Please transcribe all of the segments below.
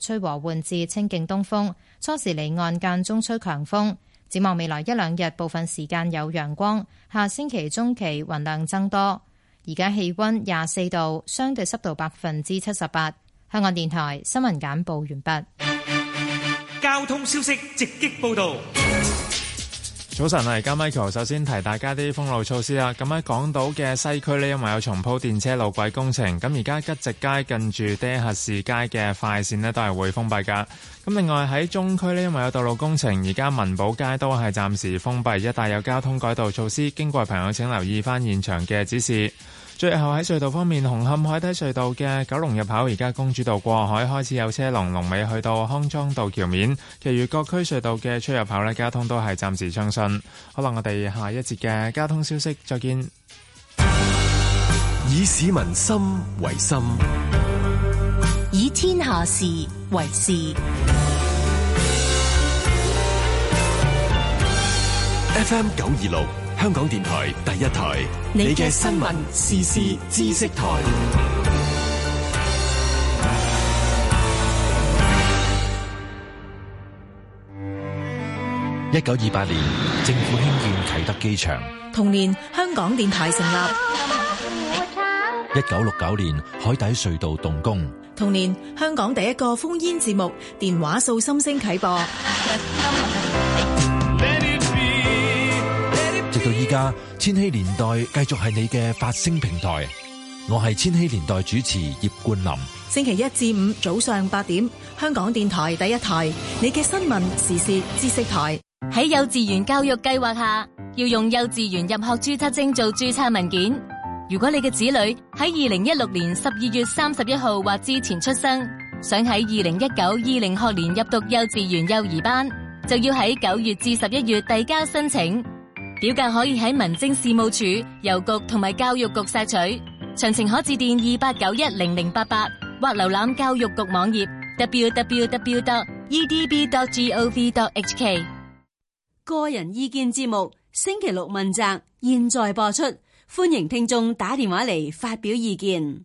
吹和緩至清勁東風，初時離岸間中吹強風。展望未來一兩日，部分時間有陽光。下星期中期雲量增多。而家氣溫廿四度，相對濕度百分之七十八。香港電台新聞簡報完畢。交通消息直擊報道。早晨啊，而家 Michael，首先提大家啲封路措施啦。咁喺港島嘅西區呢，因為有重鋪電車路軌工程，咁而家吉直街近住爹核士街嘅快線呢，都係會封閉噶。咁另外喺中區呢，因為有道路工程，而家文寶街都係暫時封閉，一帶有交通改道措施，經過朋友請留意翻現場嘅指示。最後喺隧道方面，紅磡海底隧道嘅九龍入口而家公主道過海開始有車龍，龍尾去到康莊道橋面。其餘各區隧道嘅出入口呢，交通都係暫時暢順。好啦，我哋下一節嘅交通消息再見。以市民心為心，以天下事為事。FM 九二六。香港電台第一台，你嘅新聞時事知識台。一九二八年，政府興建啟德機場。同年，香港電台成立。一九六九年，海底隧道動工。同年，香港第一個烽煙節目《電話訴心聲》啟播，啊。家千禧年代繼續係你嘅發聲平台，我係千禧年代主持葉冠霖。星期一至五早上八點，香港電台第一台，你嘅新聞時事知識台。喺幼稚園教育計劃下，要用幼稚園入學註冊證做註冊文件。如果你嘅子女喺二零一六年十二月三十一號或之前出生，想喺二零一九二零學年入讀幼稚園幼兒班，就要喺九月至十一月遞交申請。表格可以喺民政事務處、郵局同埋教育局索取，詳情可致電二八九一零零八八或瀏覽教育局網頁 www.edb.gov.hk。Www. 個人意見節目星期六問責，現在播出，歡迎聽眾打電話嚟發表意見。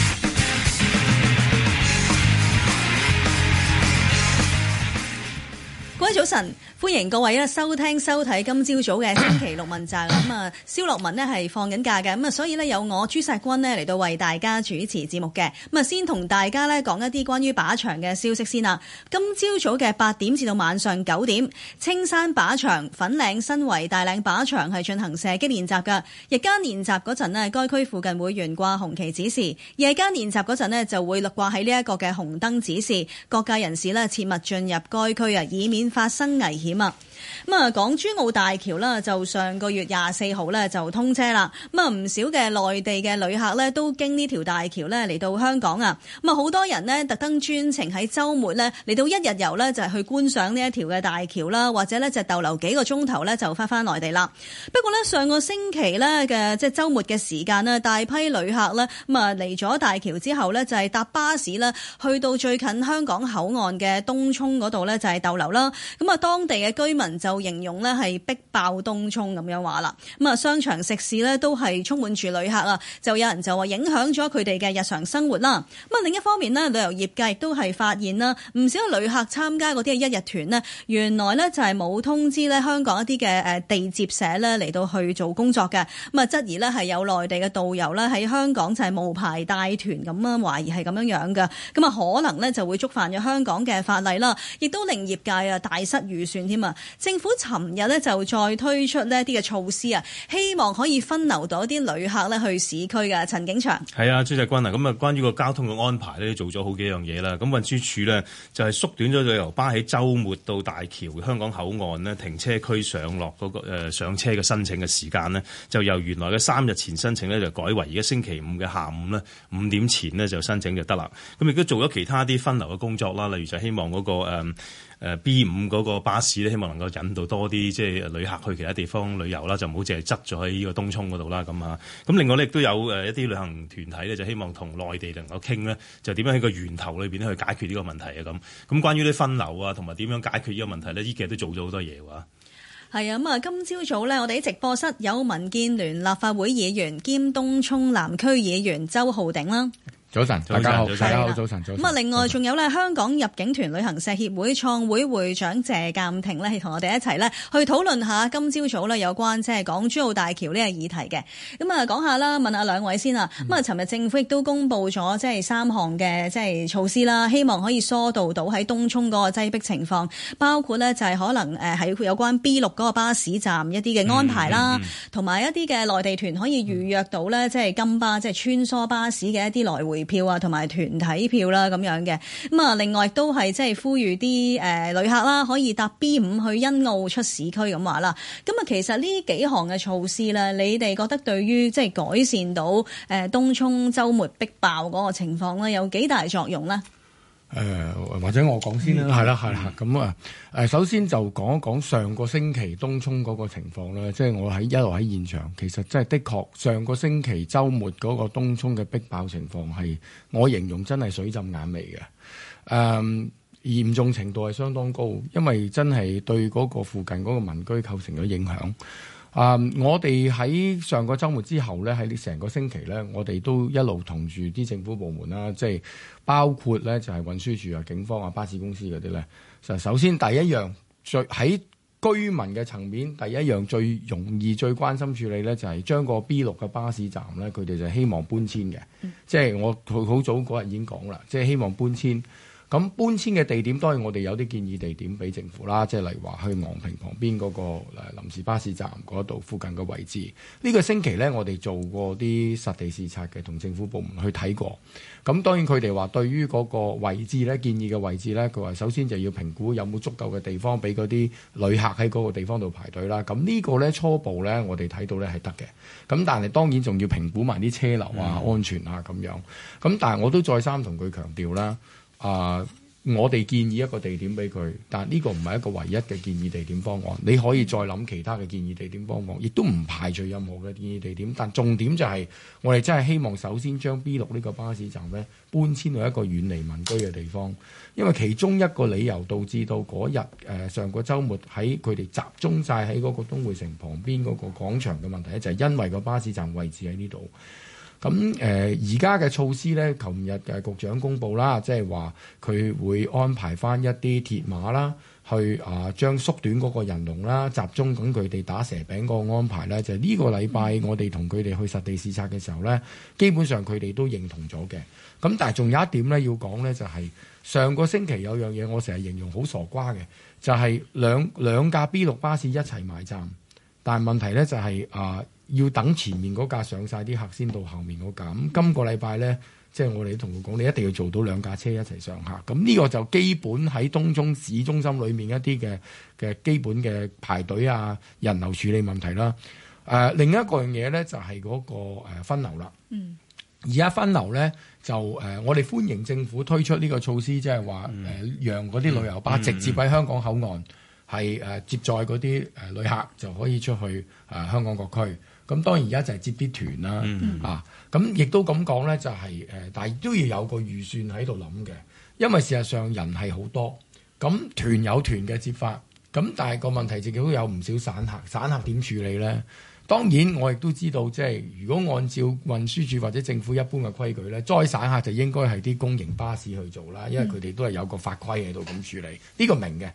各位早晨，歡迎各位咧收聽收睇今朝早嘅星期六問責咁啊！ 蕭洛汶呢係放緊假嘅，咁啊，所以呢有我朱錫君呢嚟到為大家主持節目嘅。咁啊，先同大家呢講一啲關於靶場嘅消息先啦。今朝早嘅八點至到晚上九點，青山靶場、粉嶺新圍大嶺靶場係進行射擊練習嘅。日間練習嗰陣咧，該區附近會懸掛紅旗指示；夜間練習嗰陣咧，就會掛喺呢一個嘅紅燈指示。各界人士呢切勿進入該區啊，以免發生危險啊！咁啊，港珠澳大橋啦，就上個月廿四號咧就通車啦。咁啊，唔少嘅內地嘅旅客呢都經呢條大橋呢嚟到香港啊。咁啊，好多人呢特登專程喺週末呢嚟到一日遊呢就係去觀賞呢一條嘅大橋啦，或者呢就逗留幾個鐘頭呢就翻翻內地啦。不過呢，上個星期呢嘅即係週末嘅時間咧，大批旅客呢咁啊嚟咗大橋之後呢就係搭巴士啦，去到最近香港口岸嘅東涌嗰度呢就係逗留啦。咁啊，當地嘅居民，就形容呢係逼爆東涌咁樣話啦，咁啊商場食肆呢都係充滿住旅客啊，就有人就話影響咗佢哋嘅日常生活啦。咁啊另一方面呢，旅遊業界亦都係發現啦，唔少旅客參加嗰啲嘅一日團呢，原來呢就係冇通知呢香港一啲嘅誒地接社呢嚟到去做工作嘅，咁啊質疑呢係有內地嘅導遊呢喺香港就係無牌帶團，咁啊懷疑係咁樣樣嘅，咁啊可能呢就會觸犯咗香港嘅法例啦，亦都令業界啊大失預算添啊！政府尋日咧就再推出呢一啲嘅措施啊，希望可以分流到一啲旅客咧去市區嘅。陳景祥，係啊，朱錫君啊，咁啊，關於個交通嘅安排咧，做咗好幾樣嘢啦。咁運輸署咧就係縮短咗旅遊巴喺週末到大橋香港口岸呢，停車區上落嗰個、呃、上車嘅申請嘅時間呢，就由原來嘅三日前申請呢，就改為而家星期五嘅下午呢，五點前呢，就申請就得啦。咁亦都做咗其他啲分流嘅工作啦，例如就希望嗰、那個、呃誒 B 五嗰個巴士咧，希望能夠引導多啲即係旅客去其他地方旅遊啦，就唔好只係執咗喺呢個東涌嗰度啦，咁啊。咁另外咧，亦都有一啲旅行團體咧，就希望同內地能夠傾咧，就點樣喺個源頭裏面去解決呢個問題啊。咁咁關於啲分流啊，同埋點樣解決呢個問題呢，依其實都做咗好多嘢喎。係啊，咁啊，今朝早咧，我哋喺直播室有民建聯立法會議員兼東涌南區議員周浩鼎啦。早晨，早晨大家好，大家好，早晨，早咁啊，另外仲有咧，晨香港入境團旅行社協會創會會長謝淦廷咧，同我哋一齊咧，去討論下今朝早咧有關即係港珠澳大橋呢個議題嘅。咁啊，講下啦，問下兩位先啊。咁啊、嗯，尋日政府亦都公布咗即係三項嘅即係措施啦，希望可以疏導到喺東涌嗰個擠逼情況，包括咧就係可能誒喺有關 B 六嗰個巴士站一啲嘅安排啦，同埋、嗯嗯、一啲嘅內地團可以預約到咧即係金巴即係、就是、穿梭巴士嘅一啲來回。票啊，同埋團體票啦，咁樣嘅。咁啊，另外都係即係呼籲啲誒旅客啦，可以搭 B 五去欣澳出市區咁話啦。咁啊，其實呢幾項嘅措施咧，你哋覺得對於即係改善到誒東涌周末逼爆嗰個情況咧，有幾大作用咧？誒、呃、或者我講先啦，係啦係啦，咁、hmm. 啊、嗯、首先就講一講上個星期東涌嗰個情況啦，即、就、係、是、我喺一路喺現場，其實真係的確上個星期週末嗰個東涌嘅逼爆情況係我形容真係水浸眼眉嘅，誒、嗯、嚴重程度係相當高，因為真係對嗰個附近嗰個民居構成咗影響。啊！Um, 我哋喺上個週末之後咧，喺成個星期咧，我哋都一路同住啲政府部門啦、啊，即係包括咧就係運輸處啊、警方啊、巴士公司嗰啲咧。就首先第一樣最喺居民嘅層面，第一樣最容易最關心處理咧，就係、是、將個 B 六嘅巴士站咧，佢哋就希望搬遷嘅、嗯。即係我好早嗰日已經講啦，即係希望搬遷。咁搬遷嘅地點當然我哋有啲建議地點俾政府啦，即係例如話去昂坪旁邊嗰個誒臨時巴士站嗰度附近嘅位置。呢個星期呢，我哋做過啲實地視察嘅，同政府部門去睇過。咁當然佢哋話對於嗰個位置呢，建議嘅位置呢，佢話首先就要評估有冇足夠嘅地方俾嗰啲旅客喺嗰個地方度排隊啦。咁呢個呢，初步呢，我哋睇到呢係得嘅。咁但係當然仲要評估埋啲車流啊、嗯、安全啊咁樣。咁但係我都再三同佢強調啦。啊！Uh, 我哋建議一個地點俾佢，但呢個唔係一個唯一嘅建議地點方案。你可以再諗其他嘅建議地點方案，亦都唔排除任何嘅建議地點。但重點就係、是、我哋真係希望首先將 B 六呢個巴士站呢，搬遷到一個遠離民居嘅地方。因為其中一個理由導致到嗰日、呃、上個週末喺佢哋集中晒喺嗰個東匯城旁邊嗰個廣場嘅問題咧，就係、是、因為個巴士站位置喺呢度。咁誒，而家嘅措施咧，琴日嘅局長公布啦，即係話佢會安排翻一啲鐵馬啦，去啊將縮短嗰個人龍啦，集中咁佢哋打蛇餅個安排咧，就係呢個禮拜我哋同佢哋去實地視察嘅時候咧，基本上佢哋都認同咗嘅。咁但係仲有一點咧要講咧，就係上個星期有樣嘢我成日形容好傻瓜嘅，就係兩兩架 B 六巴士一齊埋站。但係問題咧就係、是、啊、呃，要等前面嗰架上晒啲客先到後面嗰架。咁、嗯、今個禮拜咧，即、就、係、是、我哋同佢講，你一定要做到兩架車一齊上客。咁呢個就基本喺東中涌市中心裏面一啲嘅嘅基本嘅排隊啊人流處理問題啦。誒、呃、另一個樣嘢咧就係、是、嗰個分流啦。嗯，而家分流咧就誒、呃、我哋歡迎政府推出呢個措施，即係話誒讓嗰啲旅遊巴直接喺香港口岸。嗯嗯嗯係接載嗰啲旅客就可以出去、啊、香港各區，咁當然而家就係接啲團啦，嗯、啊，咁亦都咁講咧，就係但係都要有個預算喺度諗嘅，因為事實上人係好多，咁團有團嘅接法，咁但係個問題就亦都有唔少散客，散客點處理咧？當然我亦都知道、就係，即係如果按照運輸署或者政府一般嘅規矩咧，再散客就應該係啲公營巴士去做啦，因為佢哋都係有個法規喺度咁處理，呢、呢個明嘅。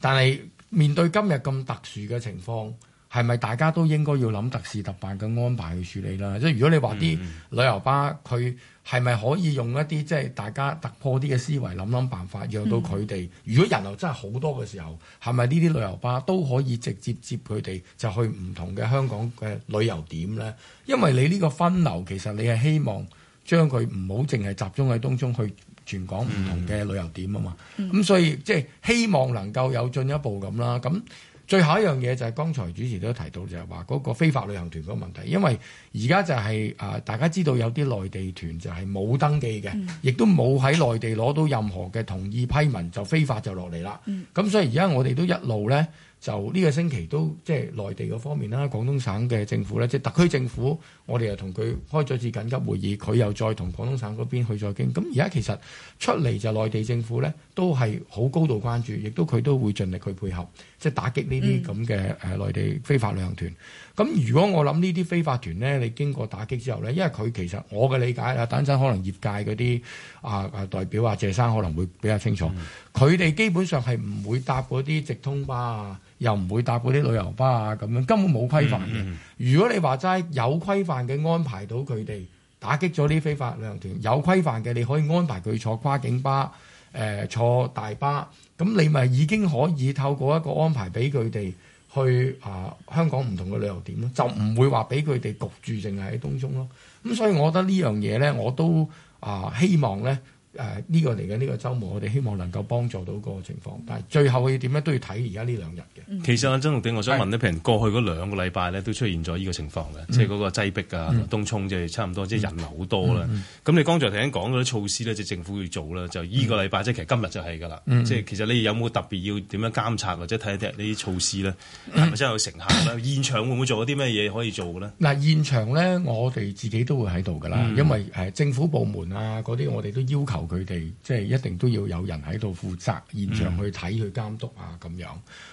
但係面對今日咁特殊嘅情況，係咪大家都應該要諗特事特辦嘅安排去處理啦？即係如果你話啲旅遊巴，佢係咪可以用一啲即係大家突破啲嘅思維，諗諗辦法，讓到佢哋？嗯、如果人流真係好多嘅時候，係咪呢啲旅遊巴都可以直接接佢哋，就去唔同嘅香港嘅旅遊點咧？因為你呢個分流其實你係希望將佢唔好淨係集中喺東涌去。全港唔同嘅旅遊點啊嘛，咁、嗯嗯、所以即係、就是、希望能夠有進一步咁啦。咁最後一樣嘢就係剛才主持都提到，就係話嗰個非法旅行團嗰個問題，因為而家就係、是呃、大家知道有啲內地團就係冇登記嘅，亦、嗯、都冇喺內地攞到任何嘅同意批文，就非法就落嚟啦。咁、嗯、所以而家我哋都一路咧。就呢個星期都即係內地嗰方面啦，廣東省嘅政府咧，即係特區政府，我哋又同佢開咗次緊急會議，佢又再同廣東省嗰邊去再傾。咁而家其實出嚟就內地政府咧。都係好高度關注，亦都佢都會盡力去配合，即係打擊呢啲咁嘅誒內地非法旅行團。咁、嗯、如果我諗呢啲非法團咧，你經過打擊之後咧，因為佢其實我嘅理解啦，等陣可能業界嗰啲啊啊代表啊謝生可能會比較清楚，佢哋、嗯、基本上係唔會搭嗰啲直通巴啊，又唔會搭嗰啲旅遊巴啊，咁樣根本冇規範嘅。嗯、如果你話齋有規範嘅安排到佢哋，打擊咗啲非法旅行團有規範嘅，你可以安排佢坐跨境巴，誒、呃、坐大巴，咁你咪已經可以透過一個安排俾佢哋去啊、呃、香港唔同嘅旅遊點咯，就唔會話俾佢哋焗住淨係喺東涌咯。咁所以我覺得呢樣嘢咧，我都啊、呃、希望咧。誒呢、啊這個嚟緊呢個周末，我哋希望能夠幫助到個情況，但係最後要點樣都要睇而家呢兩日嘅。其實阿浩鼎，我想問呢，譬如過去嗰兩個禮拜咧，都出現咗呢個情況嘅，是即係嗰個擠逼啊、嗯、東涌，即係差唔多，即係人流好多啦。咁、嗯嗯嗯、你剛才頭先講嗰啲措施咧，即政府要做啦，就依個禮拜，嗯、即係其實今日就係㗎啦。嗯、即係其實你有冇特別要點樣監察或者睇一睇呢啲措施咧，係咪真係有成效咧、嗯？現場會唔會做一啲咩嘢可以做咧？嗱，現場咧，我哋自己都會喺度㗎啦，嗯、因為、呃、政府部門啊嗰啲，我哋都要求。佢哋即係一定都要有人喺度負責現場去睇去監督啊，咁樣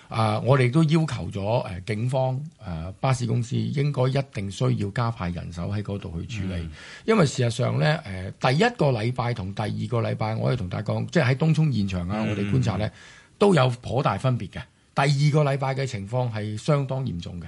啊，我哋都要求咗誒、啊、警方誒、啊、巴士公司應該一定需要加派人手喺嗰度去處理，嗯、因為事實上咧誒、呃、第一個禮拜同第二個禮拜，我哋同大家講，即係喺東涌現場啊，我哋觀察咧、嗯、都有頗大分別嘅。第二個禮拜嘅情況係相當嚴重嘅。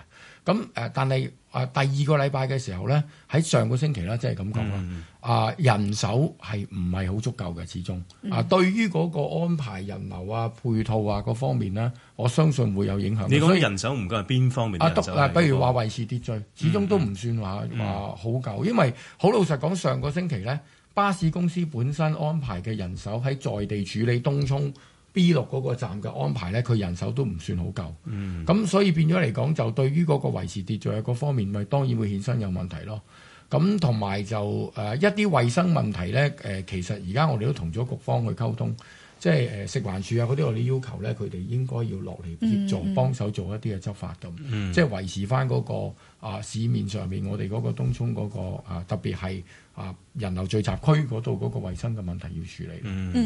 咁、嗯、但係、啊、第二個禮拜嘅時候咧，喺上個星期啦，即係咁講啦，嗯、啊人手係唔係好足夠嘅？始終、嗯、啊，對於嗰個安排人流啊、配套啊各方面咧，我相信會有影響。你講人手唔夠係邊方面嘅人手、那個、啊，不如話維持秩序，嗯、始終都唔算話話好夠，因為好老實講，上個星期咧，巴士公司本身安排嘅人手喺在，在地處理東涌。B 六嗰個站嘅安排咧，佢人手都唔算好夠，咁、嗯、所以變咗嚟講，就對於嗰個維持秩序嗰方面，咪當然會衍生有問題咯。咁同埋就誒、呃、一啲衛生問題咧、呃，其實而家我哋都同咗局方去溝通，即係食環署啊嗰啲我哋要求咧，佢哋應該要落嚟協助、嗯、幫手做一啲嘅執法咁，嗯、即係維持翻、那、嗰個啊、呃、市面上面我哋嗰個東涌嗰、那個啊、呃、特別係。啊！人流聚集區嗰度嗰個衞生嘅問題要處理。嗯嗯，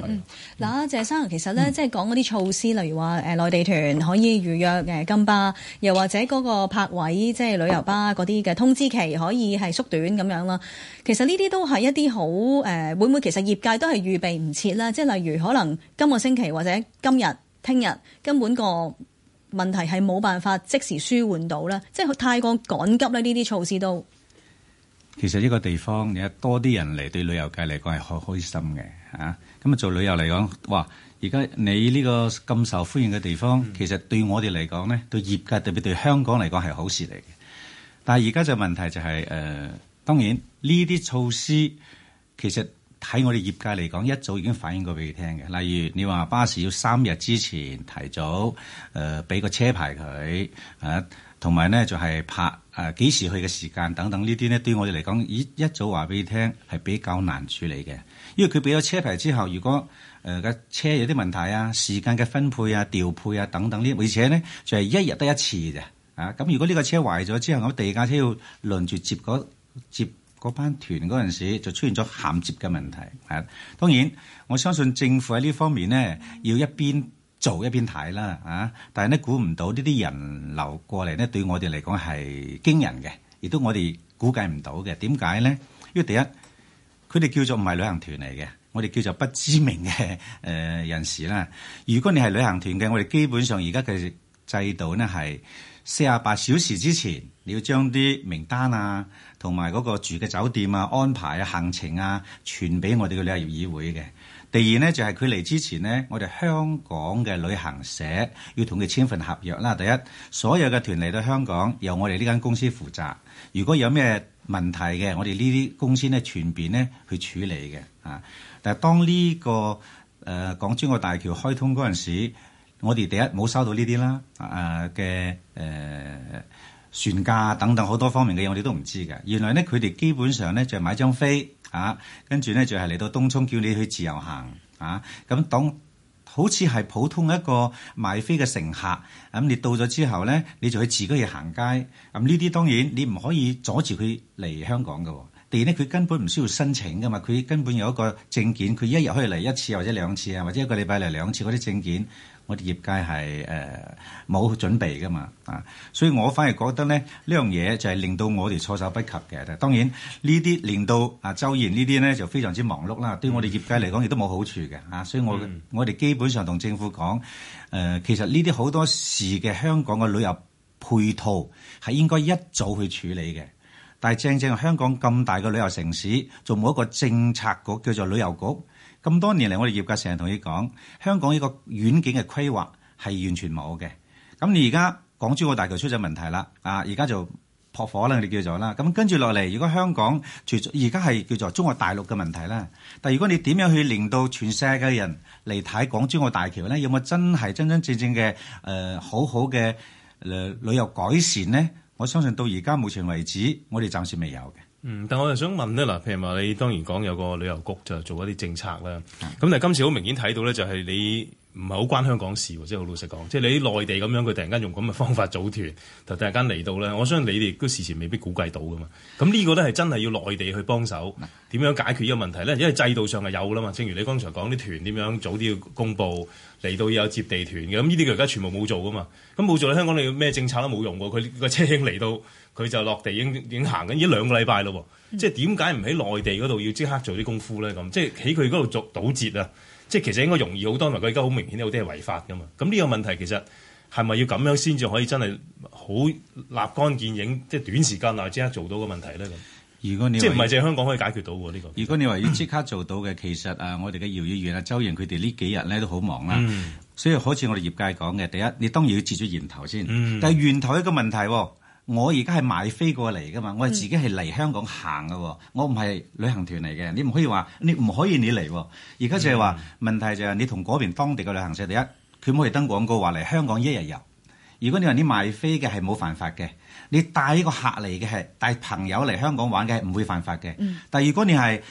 嗱是，嗯嗯、謝生，其實咧，即係講嗰啲措施，嗯、例如話誒，內地團可以預約金巴，又或者嗰個泊位，即、就、係、是、旅遊巴嗰啲嘅通知期可以係縮短咁樣啦。其實呢啲都係一啲好誒，會唔會其實業界都係預備唔切啦，即係例如可能今個星期或者今日、聽日，根本個問題係冇辦法即時舒緩到啦。即係太過趕急咧，呢啲措施都。其實呢個地方，你有多啲人嚟對旅遊界嚟講係好開心嘅吓。咁啊做旅遊嚟講，哇！而家你呢個咁受歡迎嘅地方，嗯、其實對我哋嚟講咧，對業界特別對香港嚟講係好事嚟嘅。但係而家就問題就係、是、誒、呃，當然呢啲措施其實喺我哋業界嚟講，一早已經反映過俾你聽嘅。例如你話巴士要三日之前提早誒俾、呃、個車牌佢、啊同埋咧就係、是、拍誒幾、呃、時去嘅時間等等呢啲咧，對我哋嚟講，咦一,一早話俾你聽係比較難處理嘅，因為佢俾咗車牌之後，如果誒嘅、呃、車有啲問題啊、時間嘅分配啊、調配啊等等呢，而且咧就係、是、一日得一次嘅啊咁、啊、如果呢個車壞咗之後，咁第二架車要輪住接嗰接嗰班團嗰陣時，就出現咗銜接嘅問題、啊。係、啊、當然，我相信政府喺呢方面咧要一邊。做一邊睇啦，啊！但係咧估唔到呢啲人流過嚟咧，對我哋嚟講係驚人嘅，亦都我哋估計唔到嘅。點解咧？因為第一，佢哋叫做唔係旅行團嚟嘅，我哋叫做不知名嘅人士啦。如果你係旅行團嘅，我哋基本上而家嘅制度咧係四十八小時之前，你要將啲名單啊，同埋嗰個住嘅酒店啊、安排啊、行程啊，傳俾我哋嘅旅遊業議會嘅。第二呢，就係佢嚟之前呢，我哋香港嘅旅行社要同佢簽份合約啦。第一，所有嘅團嚟到香港由我哋呢間公司負責。如果有咩問題嘅，我哋呢啲公司咧全便咧去處理嘅。啊，但係當呢、呢個誒港珠澳大橋開通嗰陣時，我哋第一冇收到呢啲啦。啊嘅誒、呃、船價等等好多方面嘅嘢，我哋都唔知嘅。原來咧佢哋基本上咧就係買張飛。啊，跟住咧就係、是、嚟到東涌叫你去自由行啊！咁當好似係普通一個買飛嘅乘客，咁、啊、你到咗之後咧，你就去自己去行街。咁呢啲當然你唔可以阻住佢嚟香港喎、啊。第二咧，佢根本唔需要申請噶嘛，佢根本有一個證件，佢一日可以嚟一次或者兩次啊，或者一個禮拜嚟兩次嗰啲證件。我哋業界係誒冇準備㗎嘛，啊，所以我反而覺得咧，呢樣嘢就係令到我哋措手不及嘅。當然呢啲令到啊周然這些呢啲咧就非常之忙碌啦，對我哋業界嚟講亦都冇好處嘅，所以我我哋基本上同政府講誒、呃，其實呢啲好多時嘅香港嘅旅遊配套係應該一早去處理嘅。但係正正香港咁大嘅旅遊城市，仲冇一個政策局叫做旅遊局。咁多年嚟，我哋業界成日同你講，香港呢個遠景嘅規劃係完全冇嘅。咁你而家港珠澳大橋出咗問題啦，啊，而家就撲火啦，我哋叫做啦。咁跟住落嚟，如果香港除咗而家係叫做中國大陸嘅問題啦，但係如果你點樣去令到全世界嘅人嚟睇港珠澳大橋咧，有冇真係真真正正嘅誒好好嘅誒旅遊改善咧？我相信到而家目前為止，我哋暫時未有嘅。嗯，但我又想問咧，嗱，譬如話你當然講有個旅遊局就做一啲政策啦，咁的但係今次好明顯睇到咧，就係你唔係好關香港事喎，即係好老實講，即係你喺內地咁樣，佢突然間用咁嘅方法組團，就突然間嚟到咧。我相信你哋都事前未必估計到噶嘛。咁呢個都係真係要內地去幫手，點樣解決呢個問題咧？因為制度上係有啦嘛。正如你剛才講啲團點樣早啲要公佈，嚟到要有接地團嘅，咁呢啲佢而家全部冇做噶嘛。咁冇做，香港你咩政策都冇用喎。佢個車兄嚟到。佢就落地已經已經行緊已經兩個禮拜咯，即係點解唔喺內地嗰度要即刻做啲功夫咧？咁即係喺佢嗰度做堵截啊！即係其實應該容易好多，因為佢而家好明顯，有啲係違法噶嘛。咁呢個問題其實係咪要咁樣先至可以真係好立竿見影？即係短時間內即刻做到個問題咧？咁，如果你即係唔係淨係香港可以解決到喎呢、呢個？如果你話要即刻做到嘅，其實啊，我哋嘅姚議員啊、周盈佢哋呢幾日咧都好忙啦，所以好似我哋業界講嘅，第一你當然要截住源頭先，嗯、但係源頭一個問題、啊我而家係買飛過嚟㗎嘛，我係自己係嚟香港行嘅，嗯、我唔係旅行團嚟嘅，你唔可以話，你唔可以你嚟。而家就係話、嗯、問題就係你同嗰邊當地嘅旅行社第一，佢唔可以登廣告話嚟香港一日遊。如果你話你買飛嘅係冇犯法嘅，你帶一個客嚟嘅係帶朋友嚟香港玩嘅係唔會犯法嘅。嗯、但如果你係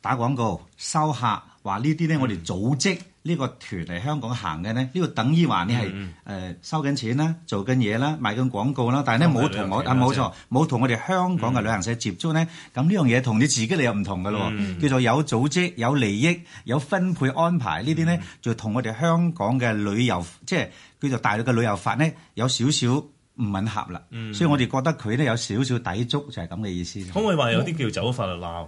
打廣告收客話呢啲咧，說這些我哋組織。嗯嗯呢個團嚟香港行嘅、這個嗯、呢，呢個等於話你係收緊錢啦、做緊嘢啦、賣緊廣告啦，但係咧冇同我啊冇錯，冇同我哋香港嘅旅行社接觸呢。咁呢樣嘢同你自己嚟又唔同嘅咯，嗯、叫做有組織、有利益、有分配安排呢啲呢，嗯、就同我哋香港嘅旅遊即係叫做大陸嘅旅遊法呢，有少少唔吻合啦。嗯、所以我哋覺得佢呢，有少少抵觸，就係咁嘅意思。可唔可以話有啲叫走法律我、啊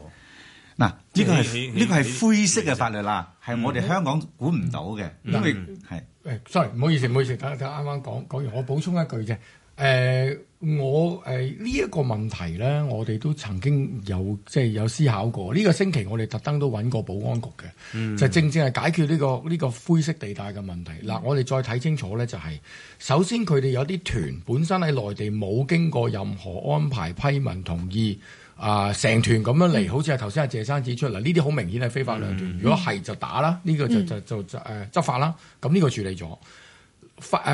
嗱，呢個係呢個係灰色嘅法律啦，係、嗯、我哋香港管唔到嘅，嗯、因為係誒，sorry，唔好意思，唔好意思，等等啱啱講講完，我補充一句啫。誒、呃，我誒呢一個問題咧，我哋都曾經有即係有思考過。呢、呢個星期我哋特登都揾過保安局嘅，嗯、就正正係解決呢、呢個呢、呢個灰色地帶嘅問題。嗱，我哋再睇清楚咧，就係、係、首先佢哋有啲團本身喺內地冇經過任何安排批文同意。啊！成、呃、團咁樣嚟，好似係頭先阿借生指出嚟，呢啲好明顯係非法兩團。嗯、如果係就打啦，呢、這個就就就誒、呃、執法啦。咁呢個處理咗。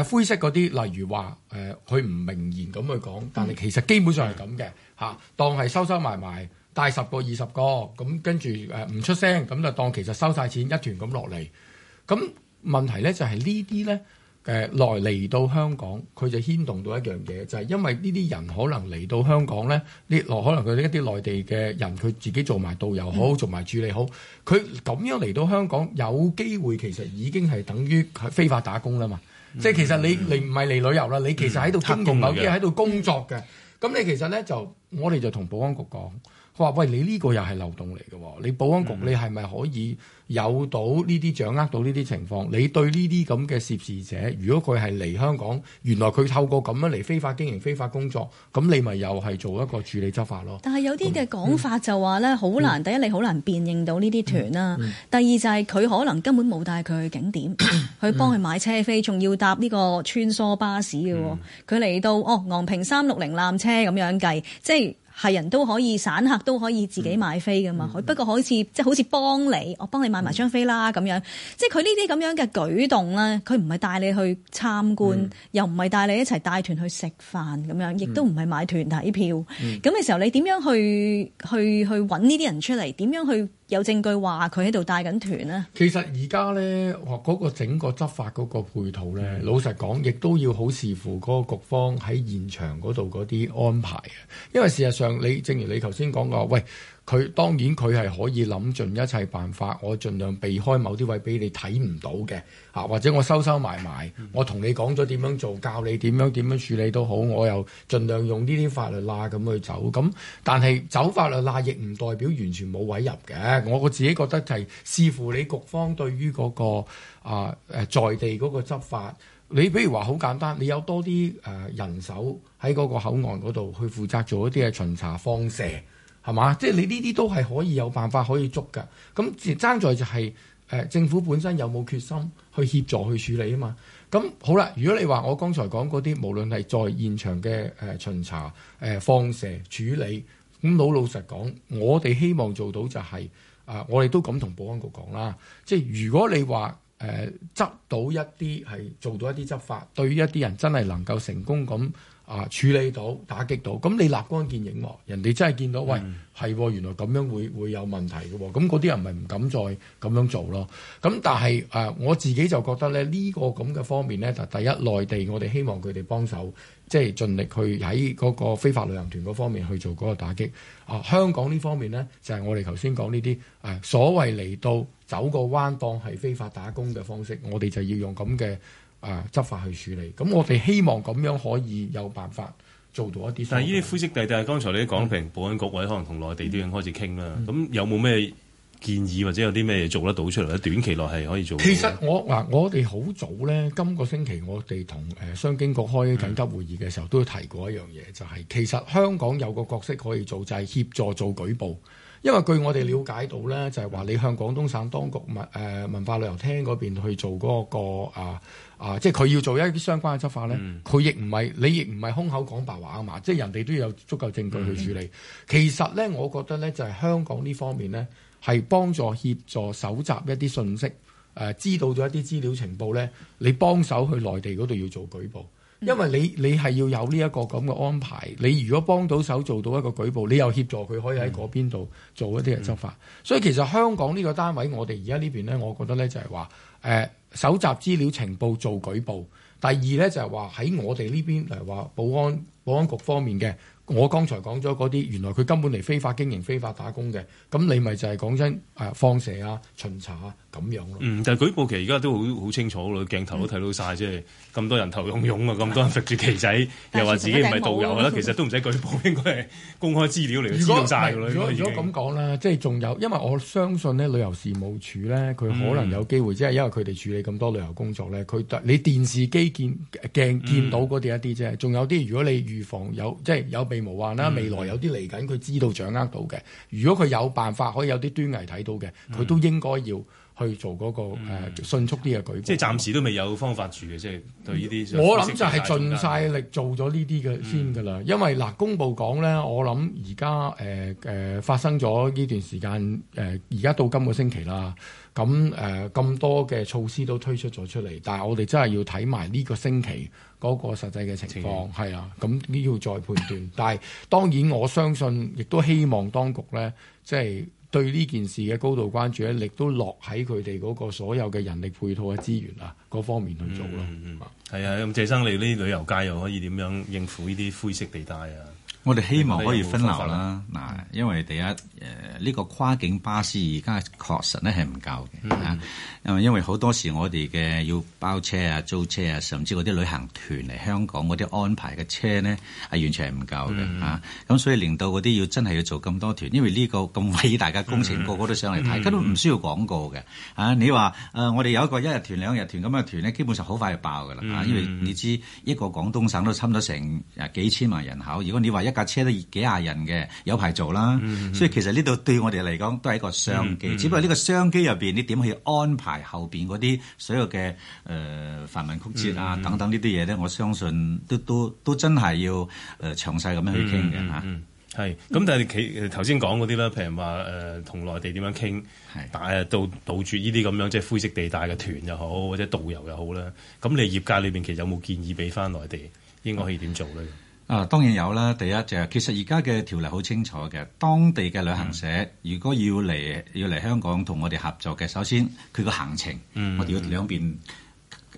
灰色嗰啲，例如話誒佢唔明言咁去講，但係其實基本上係咁嘅嚇，的當係收收埋埋，帶十個二十個咁跟住唔出聲，咁就當其實收晒錢一團咁落嚟。咁問題咧就係、是、呢啲咧。誒來嚟到香港，佢就牽動到一樣嘢，就係、是、因為呢啲人可能嚟到香港咧，呢可能佢哋一啲內地嘅人，佢自己做埋導遊好，做埋助理好，佢咁樣嚟到香港，有機會其實已經係等於非法打工啦嘛。嗯、即係其實你嚟唔係嚟旅遊啦，你其實喺度貢獻某啲喺度工作嘅。咁、嗯、你其實咧就我哋就同保安局講。佢話：喂，你呢個又係漏洞嚟嘅，你保安局你係咪可以有到呢啲掌握到呢啲情況？你對呢啲咁嘅涉事者，如果佢係嚟香港，原來佢透過咁樣嚟非法經營、非法工作，咁你咪又係做一個處理執法咯？但係有啲嘅講法就話咧，好難。嗯、第一，你好難辨認到呢啲團啦；嗯嗯嗯、第二就係佢可能根本冇帶佢去景點，去、嗯、幫佢買車飛，仲、嗯、要搭呢個穿梭巴士嘅。佢嚟、嗯、到哦，昂坪三六零纜車咁樣計，即係係人都可以散客都可以自己買飛㗎嘛，嗯嗯、不過好似即係好似幫你，我幫你買埋張飛啦咁樣。即係佢呢啲咁樣嘅舉動咧，佢唔係帶你去參觀，嗯、又唔係帶你一齊帶團去食飯咁樣，亦都唔係買團體票。咁嘅、嗯、時候，你點樣去去去搵呢啲人出嚟？點樣去？去去有證據話佢喺度帶緊團咧？其實而家咧，嗰個整個執法嗰個配套咧，老實講，亦都要好視乎嗰個局方喺現場嗰度嗰啲安排啊。因為事實上你，你正如你頭先講過，嗯、喂。佢當然佢係可以諗盡一切辦法，我盡量避開某啲位俾你睇唔到嘅啊，或者我收收埋埋，我同你講咗點樣做，教你點樣點樣處理都好，我又盡量用呢啲法律罅咁去走。咁但係走法律罅亦唔代表完全冇位入嘅。我自己覺得就係視乎你局方對於嗰、嗰個啊誒、呃、在地嗰個執法。你比如話好簡單，你有多啲誒、呃、人手喺嗰個口岸嗰度去負責做一啲嘅巡查放蛇。係嘛？即係你呢啲都係可以有辦法可以捉㗎。咁爭在就係、是呃、政府本身有冇決心去協助去處理啊嘛。咁好啦，如果你話我剛才講嗰啲，無論係在現場嘅、呃、巡查、呃、放射處理，咁老老實講，我哋希望做到就係、是、啊、呃，我哋都咁同保安局講啦。即係如果你話誒、呃、執到一啲係做到一啲執法，對於一啲人真係能夠成功咁。啊！處理到打擊到，咁你立竿見影喎、啊！人哋真係見到，嗯、喂，係、啊、原來咁樣會會有問題嘅喎、啊，咁嗰啲人咪唔敢再咁樣做咯。咁但係誒、啊，我自己就覺得咧，呢、這個咁嘅方面咧，就第一，內地我哋希望佢哋幫手，即、就、係、是、盡力去喺嗰個非法旅行團嗰方面去做嗰個打擊。啊，香港呢方面咧，就係、是、我哋頭先講呢啲誒所謂嚟到走個彎當係非法打工嘅方式，我哋就要用咁嘅。啊！執法去處理，咁我哋希望咁樣可以有辦法做到一啲。但係呢啲灰色地帶係剛才你講、嗯、平保安局委可能同內地都已經開始傾啦。咁、嗯、有冇咩建議或者有啲咩嘢做得到出嚟咧？短期內係可以做到。其實我嗱，我哋好早咧，今個星期我哋同誒商經局開緊急會議嘅時候，嗯、都提過一樣嘢，就係、是、其實香港有個角色可以做，就係、是、協助做舉報。因為據我哋了解到咧，就係、是、話你向廣東省當局文、呃、文化旅遊廳嗰邊去做嗰、那個啊。呃啊！即係佢要做一啲相關嘅執法咧，佢亦唔係你亦唔係空口講白話啊嘛！嗯、即係人哋都要有足夠證據去處理。嗯、其實咧，我覺得咧就係、是、香港呢方面咧，係幫助協助搜集一啲信息，誒、呃、知道咗一啲資料情報咧，你幫手去內地嗰度要做舉報，嗯、因為你你係要有呢一個咁嘅安排。你如果幫到手做到一個舉報，你又協助佢可以喺嗰邊度做一啲嘅執法。嗯嗯、所以其實香港呢個單位，我哋而家呢邊咧，我覺得咧就係、是、話。誒蒐、啊、集資料情報，做舉報。第二咧就係話喺我哋呢邊，如話保安保安局方面嘅。我剛才講咗嗰啲，原來佢根本嚟非法經營、非法打工嘅，咁你咪就係講真誒、啊、放蛇啊、巡查啊咁樣咯。嗯，就舉報其實而家都好好清楚咯，鏡頭都睇到晒，即係咁多人頭湧湧啊，咁 多人揈住旗仔，又話自己唔係導遊啊， 是其實都唔使舉報，應該係公開資料嚟，知如果咁講啦，即係仲有，因為我相信咧旅遊事務處咧，佢可能有機會，即係、嗯、因為佢哋處理咁多旅遊工作咧，佢你電視機見鏡見到嗰啲、嗯、一啲啫，仲有啲如果你預防有即係有。未無幻啦，未來有啲嚟緊，佢知道掌握到嘅。嗯、如果佢有辦法可以有啲端倪睇到嘅，佢、嗯、都應該要去做嗰、嗰個、嗯、迅速啲嘅舉。即係暫時都未有方法住嘅，即係對呢啲。我諗就係盡晒力做咗呢啲嘅先㗎啦。因為嗱，公佈講咧，我諗而家誒誒發生咗呢段時間誒，而、呃、家到今個星期啦，咁誒咁多嘅措施都推出咗出嚟，但係我哋真係要睇埋呢個星期。嗰個實際嘅情況係請啊，咁要再判斷。但係當然，我相信亦都希望當局咧，即、就、係、是、對呢件事嘅高度關注咧，亦都落喺佢哋嗰個所有嘅人力配套嘅資源啊，嗰方面去做咯。係、嗯嗯嗯、啊，咁謝生，你啲旅遊界又可以點樣應付呢啲灰色地帶啊？我哋希望可以分流啦，嗱，因為第一誒呢、呃這個跨境巴士而家確實咧係唔夠嘅、嗯、因為因為好多時我哋嘅要包車啊、租車啊，甚至嗰啲旅行團嚟香港嗰啲安排嘅車咧，係完全係唔夠嘅吓，咁、嗯啊、所以令到嗰啲要真係要做咁多團，因為呢個咁偉大嘅工程，個、嗯、個都上嚟睇，而家都唔需要廣告嘅吓、啊，你話誒、呃、我哋有一個一日團兩日團咁嘅、這個、團咧，基本上好快就爆㗎啦、啊、因為你知一個廣東省都差唔多成幾千萬人口，如果你話，一一架車都幾廿人嘅，有排做啦。嗯嗯、所以其實呢度對我哋嚟講都係一個商機，嗯嗯、只不過呢個商機入邊你點去安排後邊嗰啲所有嘅誒、呃、繁文曲折啊、嗯嗯、等等這些東西呢啲嘢咧，我相信都都都真係要誒詳細咁樣去傾嘅吓。係咁，但係佢頭先講嗰啲咧，譬如話誒同內地點樣傾，係但係到杜絕呢啲咁樣即係灰色地帶嘅團又好或者導遊又好啦。咁你業界裏邊其實有冇建議俾翻內地應該可以點做咧？嗯啊，當然有啦。第一就係、是，其實而家嘅條例好清楚嘅。當地嘅旅行社如果要嚟、嗯、要嚟香港同我哋合作嘅，首先佢個行程，嗯、我哋要兩邊誒、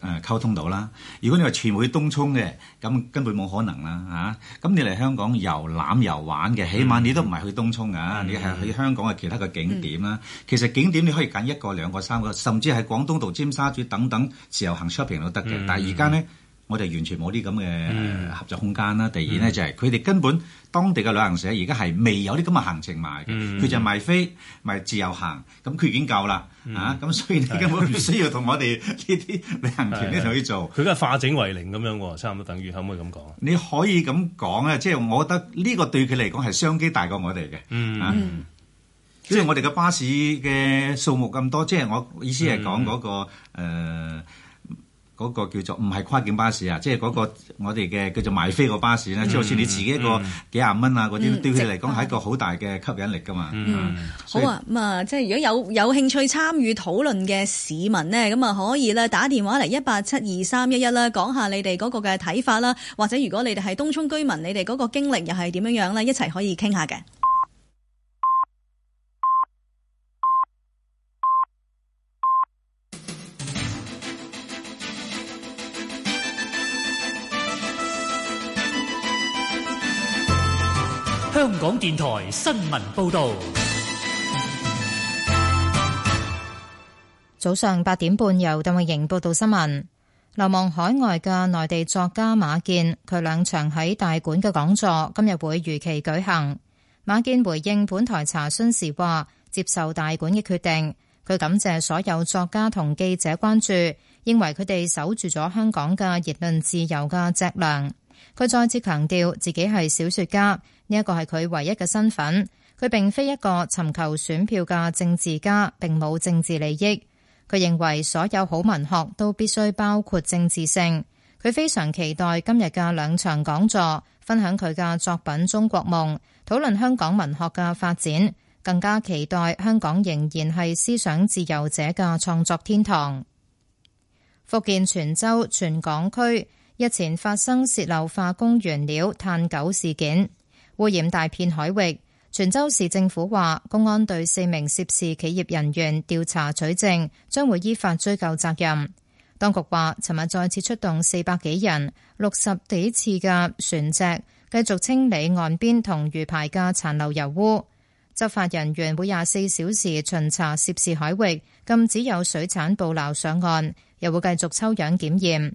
呃、溝通到啦。如果你話全部去東涌嘅，咁根本冇可能啦嚇。咁、啊、你嚟香港遊覽遊玩嘅，起碼你都唔係去東涌啊，嗯、你係去香港嘅其他嘅景點啦。嗯、其實景點你可以揀一個、兩個、三個，甚至係廣東道、尖沙咀等等自由行 shopping 都得嘅。嗯、但係而家呢。我哋完全冇啲咁嘅合作空間啦。嗯、第二咧、嗯、就係佢哋根本當地嘅旅行社而家係未有啲咁嘅行程賣，佢、嗯、就賣飛賣自由行，咁佢已經夠啦嚇。咁、嗯啊、所以你根本唔需要同我哋呢啲旅行團一去做。佢而家化整為零咁樣喎，差唔多等於可唔可以咁講？你可以咁講啊，即係我覺得呢個對佢嚟講係商機大過我哋嘅。嗯，即係我哋嘅巴士嘅數目咁多，即係我意思係講嗰個、嗯呃嗰個叫做唔係跨境巴士啊，即係嗰、嗰個、嗯、我哋嘅叫做買飛個巴士咧，即係好似你自己一個幾廿蚊啊，嗰啲對佢嚟講係一個好大嘅吸引力噶嘛嗯以、啊。嗯，好啊，咁啊，即係如果有有興趣參與討論嘅市民呢，咁啊可以咧打電話嚟一八七二三一一啦，講下你哋嗰個嘅睇法啦，或者如果你哋係東涌居民，你哋嗰個經歷又係點樣樣咧，一齊可以傾下嘅。香港電台新聞報道，早上八點半由鄧慧瑩報道新聞。流亡海外嘅內地作家馬建，佢兩場喺大館嘅講座今日會如期舉行。馬建回應本台查詢時話，接受大館嘅決定。佢感謝所有作家同記者關注，認為佢哋守住咗香港嘅言論自由嘅脊梁。佢再次強調自己係小說家。呢一個係佢唯一嘅身份，佢並非一個尋求選票嘅政治家，並冇政治利益。佢認為所有好文學都必須包括政治性。佢非常期待今日嘅兩場講座，分享佢嘅作品《中國夢》，討論香港文學嘅發展。更加期待香港仍然係思想自由者嘅創作天堂。福建泉州泉港區日前發生洩漏化工原料碳九事件。污染大片海域，泉州市政府話公安對四名涉事企業人員調查取證，將會依法追究責任。當局話，尋日再次出動四百幾人、六十幾次嘅船隻，繼續清理岸邊同魚排嘅殘留油污。執法人員會廿四小時巡查涉事海域，禁止有水產捕撈上岸，又會繼續抽樣檢驗。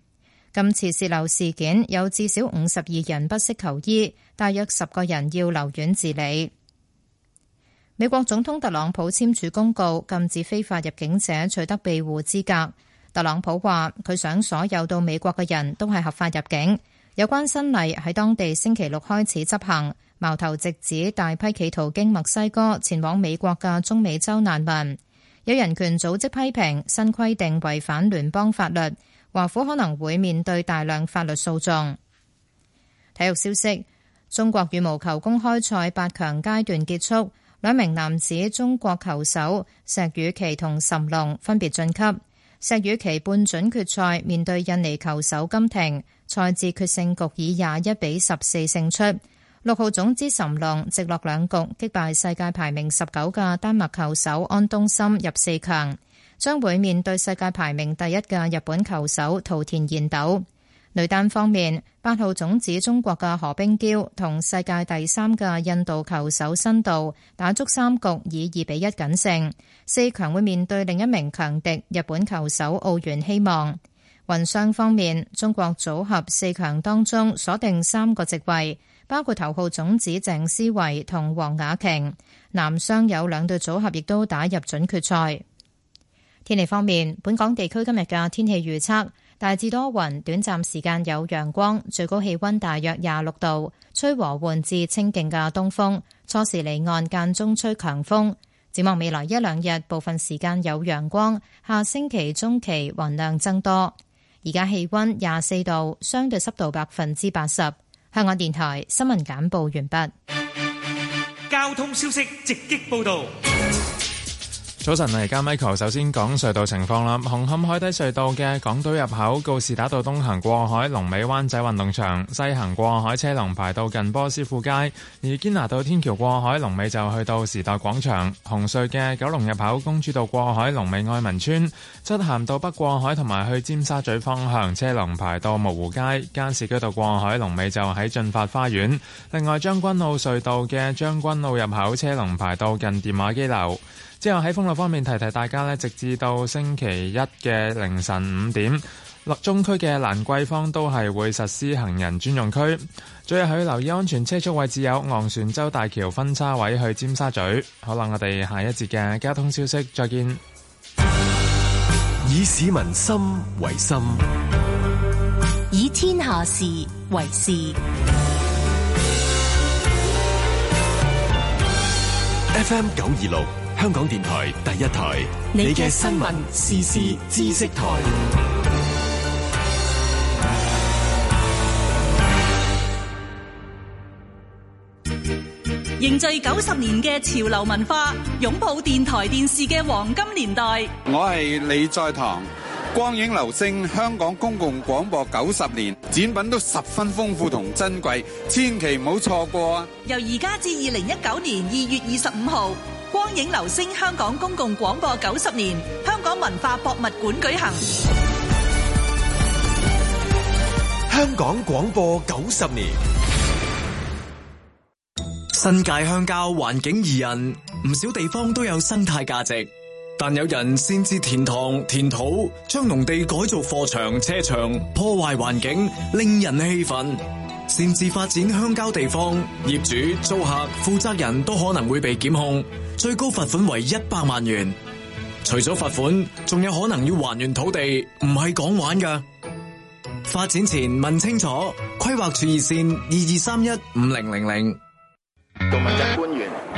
今次洩漏事件有至少五十二人不惜求醫，大約十個人要留院治理。美國總統特朗普簽署公告禁止非法入境者取得庇護資格。特朗普話：佢想所有到美國嘅人都係合法入境。有關新例喺當地星期六開始執行，矛頭直指大批企圖經墨西哥前往美國嘅中美洲難民。有人權組織批評新規定違反聯邦法律。華府可能會面對大量法律訴訟。體育消息：中國羽毛球公開賽八強階段結束，兩名男子中國球手石宇奇同諶龍分別晉級。石宇奇半準決賽面對印尼球手金廷，賽至決勝局以廿一比十四勝出。六號種子諶龍直落兩局擊敗世界排名十九嘅丹麥球手安東森，入四強。將會面對世界排名第一嘅日本球手桃田賢斗。女單方面，八號種子中國嘅何冰嬌同世界第三嘅印度球手辛度打足三局，以二比一僅勝。四強會面對另一名強敵，日本球手奧原希望。混雙方面，中國組合四強當中鎖定三個席位，包括頭號種子鄭思維同黃雅瓊。男雙有兩隊組合亦都打入準決賽。天氣方面，本港地區今日嘅天氣預測大致多雲，短暫時間有陽光，最高氣温大約廿六度，吹和緩至清勁嘅東風，初時離岸間中吹強風。展望未來一兩日，部分時間有陽光，下星期中期雲量增多。而家氣温廿四度，相對濕度百分之八十。香港電台新聞簡報完畢。交通消息直擊報道。早晨來，而家 Michael。首先講隧道情況啦。紅磡海底隧道嘅港島入口告士打道東行過海，龍尾灣仔運動場；西行過海車龍排到近波斯富街。而堅拿道天橋過海龍尾就去到時代廣場。紅隧嘅九龍入口公主道過海龍尾愛民村。漆咸道北過海同埋去尖沙咀方向車龍排到蕪湖街。加士居道過海龍尾就喺駿發花園。另外將軍澳隧道嘅將軍澳入口車龍排到近電話機樓。之後喺封路方面提提大家呢直至到星期一嘅凌晨五點，落中區嘅蘭桂坊都係會實施行人專用區。最後係留意安全車速位置有昂船洲大橋分叉位去尖沙咀。可能我哋下一節嘅交通消息，再見。以市民心為心，以天下事為事。FM 九二六。香港電台第一台，你嘅新聞時事知識台，凝聚九十年嘅潮流文化，擁抱電台電視嘅黃金年代。我係李在堂，光影流聲，香港公共廣播九十年，展品都十分豐富同珍貴，千祈唔好錯過啊！由而家至二零一九年二月二十五號。光影流聲香港公共廣播九十年，香港文化博物館舉行。香港廣播九十年。新界鄉郊環境宜人，唔少地方都有生態價值，但有人擅自填塘填土，將農地改造貨場、車場，破壞環境，令人氣憤。擅自發展鄉郊地方，業主、租客、負責人都可能會被檢控。最高罰款為一百萬元，除咗罰款，仲有可能要還原土地，唔係講玩噶。發展前問清楚，規劃處熱線二二三一五零零零。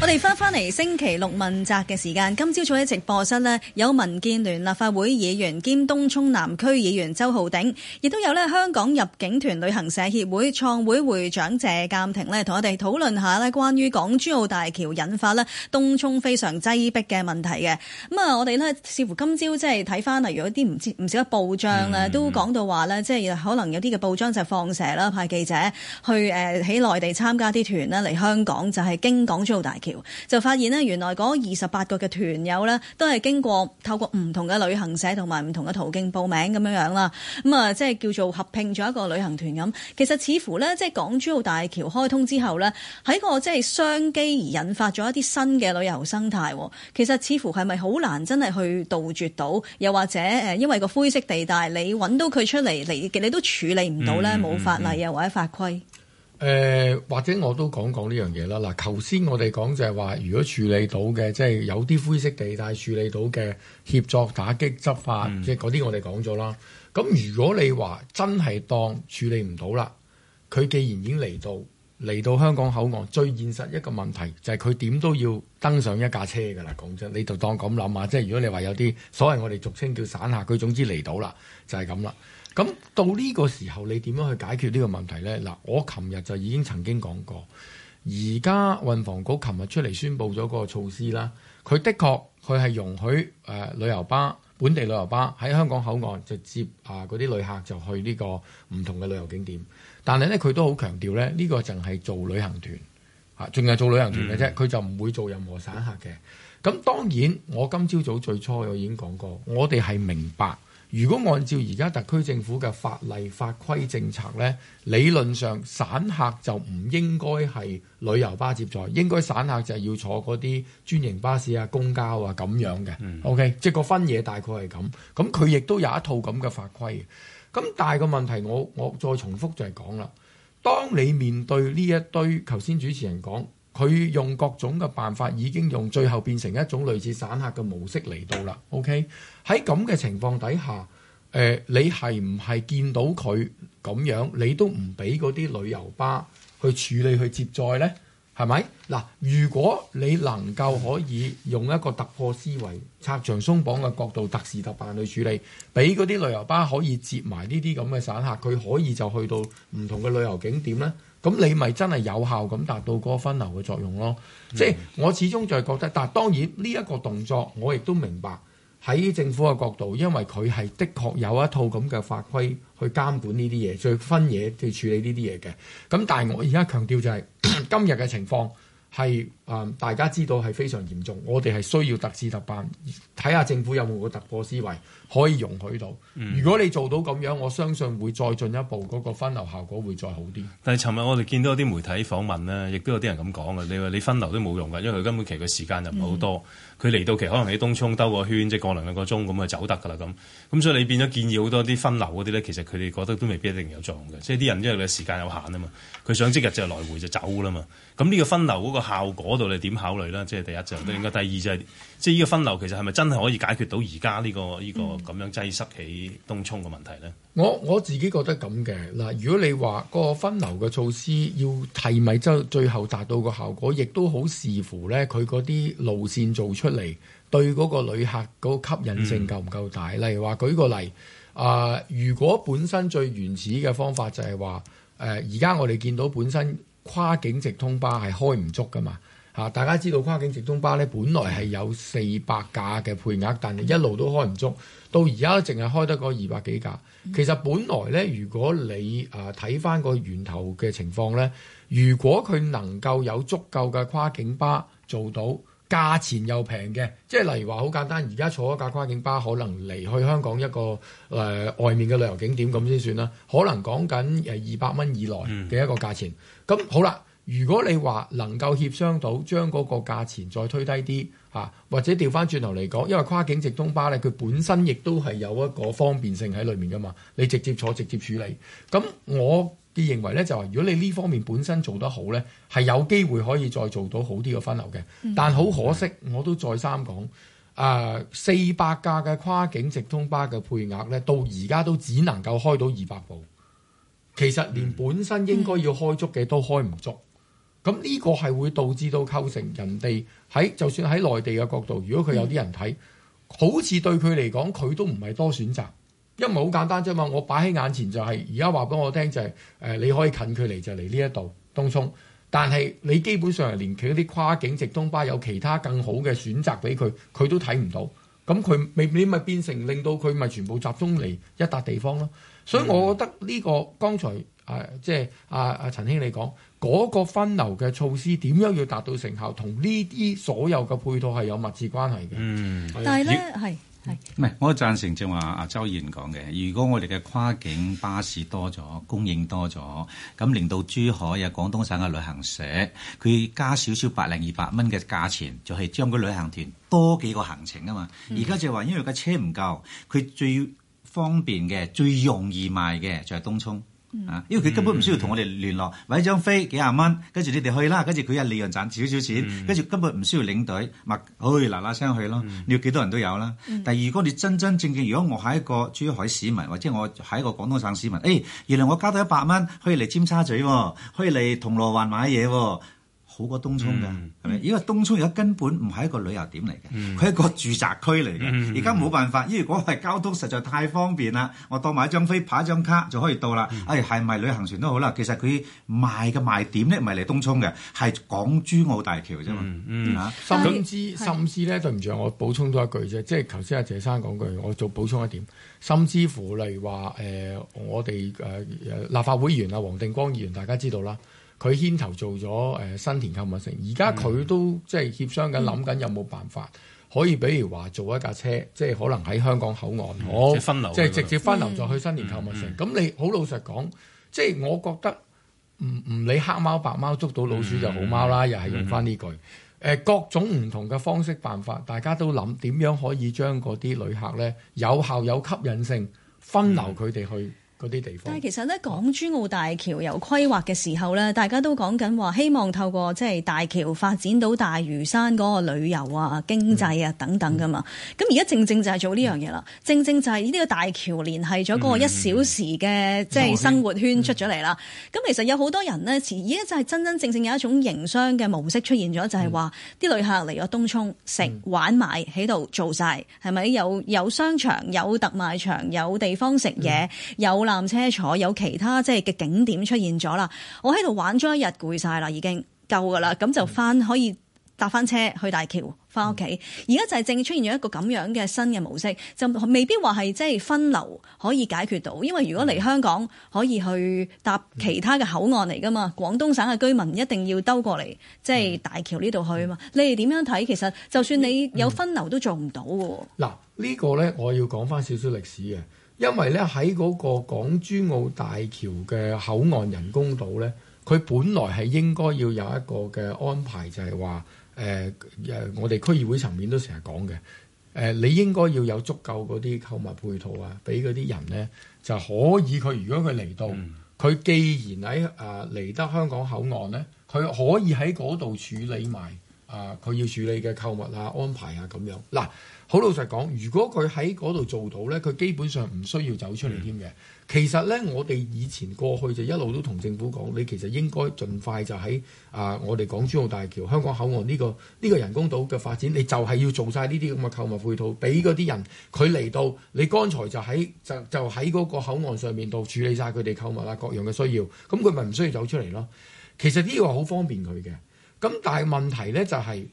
我哋翻翻嚟星期六問責嘅時間，今朝早喺直播室呢，有民建聯立法會議員兼東涌南區議員周浩鼎，亦都有呢香港入境團旅行社協會創會會長謝淦廷呢，同我哋討論下呢關於港珠澳大橋引發呢東涌非常擠迫嘅問題嘅。咁啊，我哋呢，似乎今朝即係睇翻嚟，如果啲唔知唔少嘅報章呢，都講到話呢，即係可能有啲嘅報章就放蛇啦，派記者去誒喺內地參加啲團呢，嚟香港，就係、是、經港珠澳大橋。就發現呢，原來嗰二十八個嘅團友呢，都係經過透過唔同嘅旅行社同埋唔同嘅途徑報名咁樣樣啦。咁啊，即係叫做合併咗一個旅行團咁。其實似乎呢，即係港珠澳大橋開通之後呢，喺個即係商機而引發咗一啲新嘅旅遊生態。其實似乎係咪好難真係去杜絕到？又或者誒，因為個灰色地帶，你揾到佢出嚟，你你都處理唔到呢，冇法例啊或者法規。誒、呃、或者我都講講呢樣嘢啦。嗱，頭先我哋講就係話，如果處理到嘅，即係有啲灰色地帶處理到嘅協作打擊執法，即係嗰啲我哋講咗啦。咁如果你話真係當處理唔到啦，佢既然已經嚟到嚟到香港口岸，最現實一個問題就係佢點都要登上一架車㗎啦。講真，你就當咁諗下，即係如果你話有啲所謂我哋俗稱叫散客，佢總之嚟到啦，就係咁啦。咁到呢個時候，你點樣去解決呢個問題呢？嗱，我琴日就已經曾經講過，而家運房局琴日出嚟宣布咗嗰個措施啦。佢的確佢係容許誒、呃、旅遊巴、本地旅遊巴喺香港口岸直接啊，嗰啲旅客就去呢個唔同嘅旅遊景點。但係呢，佢都好強調呢呢、呢個就係做旅行團，仲係做旅行團嘅啫。佢、嗯、就唔會做任何散客嘅。咁當然，我今朝早最初我已經講過，我哋係明白。如果按照而家特區政府嘅法例、法規政策咧，理論上散客就唔應該係旅遊巴接載，應該散客就係要坐嗰啲專營巴士啊、公交啊咁樣嘅。嗯、OK，即係個分野大概係咁。咁佢亦都有一套咁嘅法規。咁但係個問題我，我我再重複就係講啦，當你面對呢一堆頭先主持人講。佢用各種嘅辦法，已經用最後變成一種類似散客嘅模式嚟到啦。OK，喺咁嘅情況底下，呃，你係唔係見到佢咁樣，你都唔俾嗰啲旅遊巴去處理去接載咧？係咪？嗱，如果你能夠可以用一個突破思維、拆牆鬆綁嘅角度，特事特辦去處理，俾嗰啲旅遊巴可以接埋呢啲咁嘅散客，佢可以就去到唔同嘅旅遊景點咧。咁你咪真係有效咁達到嗰個分流嘅作用咯，嗯、即係我始終就係覺得，但當當然呢一個動作，我亦都明白喺政府嘅角度，因為佢係的確有一套咁嘅法規去監管呢啲嘢，去分嘢去處理呢啲嘢嘅。咁但係我而家強調就係、是、 今日嘅情況。係啊、呃！大家知道係非常嚴重，我哋係需要特事特辦，睇下政府有冇個突破思維可以容許到。嗯、如果你做到咁樣，我相信會再進一步，嗰、嗰個分流效果會再好啲。但係尋日我哋見到啲媒體訪問咧，亦都有啲人咁講嘅。你話你分流都冇用㗎，因為佢根本期嘅時間就唔係好多。佢嚟、嗯、到其實可能喺東涌兜個圈，即係過兩兩個鐘咁啊，走得㗎啦咁。咁所以你變咗建議好多啲分流嗰啲咧，其實佢哋覺得都未必一定有作用嘅。即係啲人因為佢時間有限啊嘛，佢想即日就來回就走啦嘛。咁呢個分流嗰個效果度，你點考慮啦？即係第一就應該，第二就係嗯、即係呢個分流其實係咪真係可以解決到而家呢個呢個咁樣擠塞起東涌嘅問題咧？我我自己覺得咁嘅嗱，如果你話個分流嘅措施要係咪真最後達到個效果，亦都好視乎咧佢嗰啲路線做出嚟對嗰個旅客嗰個吸引性夠唔夠大？嗯、例如話舉個例啊、呃，如果本身最原始嘅方法就係話誒，而家我哋見到本身。跨境直通巴係開唔足㗎嘛、啊、大家知道跨境直通巴咧，本來係有四百架嘅配額，但係一路都開唔足，到而家淨係開得個二百幾架。其實本來咧，如果你啊睇返個源頭嘅情況咧，如果佢能夠有足夠嘅跨境巴做到價錢又平嘅，即係例如話好簡單，而家坐一架跨境巴可能離去香港一個、呃、外面嘅旅遊景點咁先算啦，可能講緊二百蚊以內嘅一個價錢。嗯咁好啦，如果你話能夠協商到將嗰個價錢再推低啲、啊、或者掉返轉頭嚟講，因為跨境直通巴咧，佢本身亦都係有一個方便性喺裏面噶嘛，你直接坐直接處理。咁我嘅認為咧就係，如果你呢方面本身做得好咧，係有機會可以再做到好啲嘅分流嘅。但好可惜，我都再三講，誒四百架嘅跨境直通巴嘅配額咧，到而家都只能夠開到二百部。其實連本身應該要開足嘅都開唔足，咁呢個係會導致到構成人哋喺就算喺內地嘅角度，如果佢有啲人睇，好似對佢嚟講佢都唔係多選擇，因為好簡單啫嘛，我擺喺眼前就係而家話俾我聽就係、是、誒、呃、你可以近距離就嚟呢一度東涌，但係你基本上係連佢啲跨境直通巴有其他更好嘅選擇俾佢，佢都睇唔到，咁佢你你咪變成令到佢咪全部集中嚟一笪地方咯。所以我覺得呢、這個剛才啊，即係啊啊陳兄你講嗰、那個分流嘅措施點樣要達到成效，同呢啲所有嘅配套係有密切關係嘅。嗯，以但係咧係係唔係我贊成正話阿周議員講嘅，如果我哋嘅跨境巴士多咗，供應多咗，咁令到珠海啊廣東省嘅旅行社佢加少少百零二百蚊嘅價錢，就係、是、將個旅行團多幾個行程啊嘛。而家、嗯、就話因為架車唔夠，佢最方便嘅最容易賣嘅就係東涌啊，嗯、因為佢根本唔需要同我哋聯絡，買、嗯、張飛幾廿蚊，跟住你哋去啦，跟住佢有利潤賺少少錢，跟住、嗯、根本唔需要領隊，咪去嗱嗱聲去咯。嗯、你要幾多人都有啦。嗯、但如果你真真正正，如果我係一個珠海市民，或者我係一個廣東省市民，誒、哎，原來我交到一百蚊可以嚟尖沙咀喎，可以嚟銅鑼灣買嘢喎。好過東涌嘅，係咪、嗯？因為東涌而家根本唔係一個旅遊點嚟嘅，佢係、嗯、一個住宅區嚟嘅。而家冇辦法，因為如果係交通實在太方便啦。我當買一張飛，拍一張卡就可以到啦。誒、嗯，係咪、哎、旅行船都好啦。其實佢賣嘅賣點咧，唔係嚟東涌嘅，係港珠澳大橋啫嘛、嗯。嗯嗯，啊、甚至是甚至咧，對唔住，我補充多一句啫。即係頭先阿謝生講句，我做補充一點，甚至乎例如話誒、呃，我哋誒、呃、立法會議員啊，黃定光議員，大家知道啦。佢牽頭做咗誒、呃、新田購物城，而家佢都、嗯、即係協商緊，諗緊有冇辦法、嗯、可以，比如話做一架車，即係可能喺香港口岸，嗯、我即係即係直接分流再去新田購物城。咁、嗯嗯、你好老實講，即係我覺得唔唔理黑貓白貓捉到老鼠就好貓啦，嗯、又係用翻呢句誒、嗯呃、各種唔同嘅方式辦法，大家都諗點樣可以將嗰啲旅客咧有效有吸引性，分流佢哋去。嗯嗰啲地方，但係其實咧，港珠澳大橋由規劃嘅時候咧，大家都講緊話，希望透過即係大橋發展到大嶼山嗰個旅遊啊、經濟啊、嗯、等等噶嘛。咁而家正正就係做呢樣嘢啦，嗯、正正就係呢個大橋連係咗嗰個一小時嘅即係生活圈出咗嚟啦。咁、嗯嗯、其實有好多人咧，而家就係真真正正有一種營商嘅模式出現咗，就係話啲旅客嚟咗東涌食、嗯、玩買喺度做晒。係咪有有商場、有特賣場、有地方食嘢、嗯、有。纜車坐有其他即係嘅景點出現咗啦，我喺度玩咗一日攰晒啦，已經夠噶啦，咁就翻可以搭翻車去大橋翻屋企。而家、嗯、現在就係正出現咗一個咁樣嘅新嘅模式，就未必話係即係分流可以解決到，因為如果嚟香港、嗯、可以去搭其他嘅口岸嚟噶嘛，廣東省嘅居民一定要兜過嚟即係大橋呢度去啊嘛。你哋點樣睇？其實就算你有分流都做唔到。嗱、嗯，呢、這個咧我要講翻少少歷史嘅。因為咧喺嗰個港珠澳大橋嘅口岸人工島咧，佢本來係應該要有一個嘅安排，就係話誒誒，我哋區議會層面都成日講嘅誒，你應該要有足夠嗰啲購物配套啊，俾嗰啲人咧就可以佢如果佢嚟到，佢、嗯、既然喺誒嚟得香港口岸咧，佢可以喺嗰度處理埋。啊！佢要處理嘅購物啊、安排啊咁樣。嗱、啊，好老實講，如果佢喺嗰度做到呢，佢基本上唔需要走出嚟添嘅。其實呢，我哋以前過去就一路都同政府講，你其實應該盡快就喺啊，我哋港珠澳大橋香港口岸呢、這個呢、這個人工島嘅發展，你就係要做晒呢啲咁嘅購物配套，俾嗰啲人佢嚟到，你剛才就喺就就喺嗰個口岸上面度處理晒佢哋購物啊各樣嘅需要，咁佢咪唔需要走出嚟咯？其實呢個好方便佢嘅。咁但係問題呢就係誒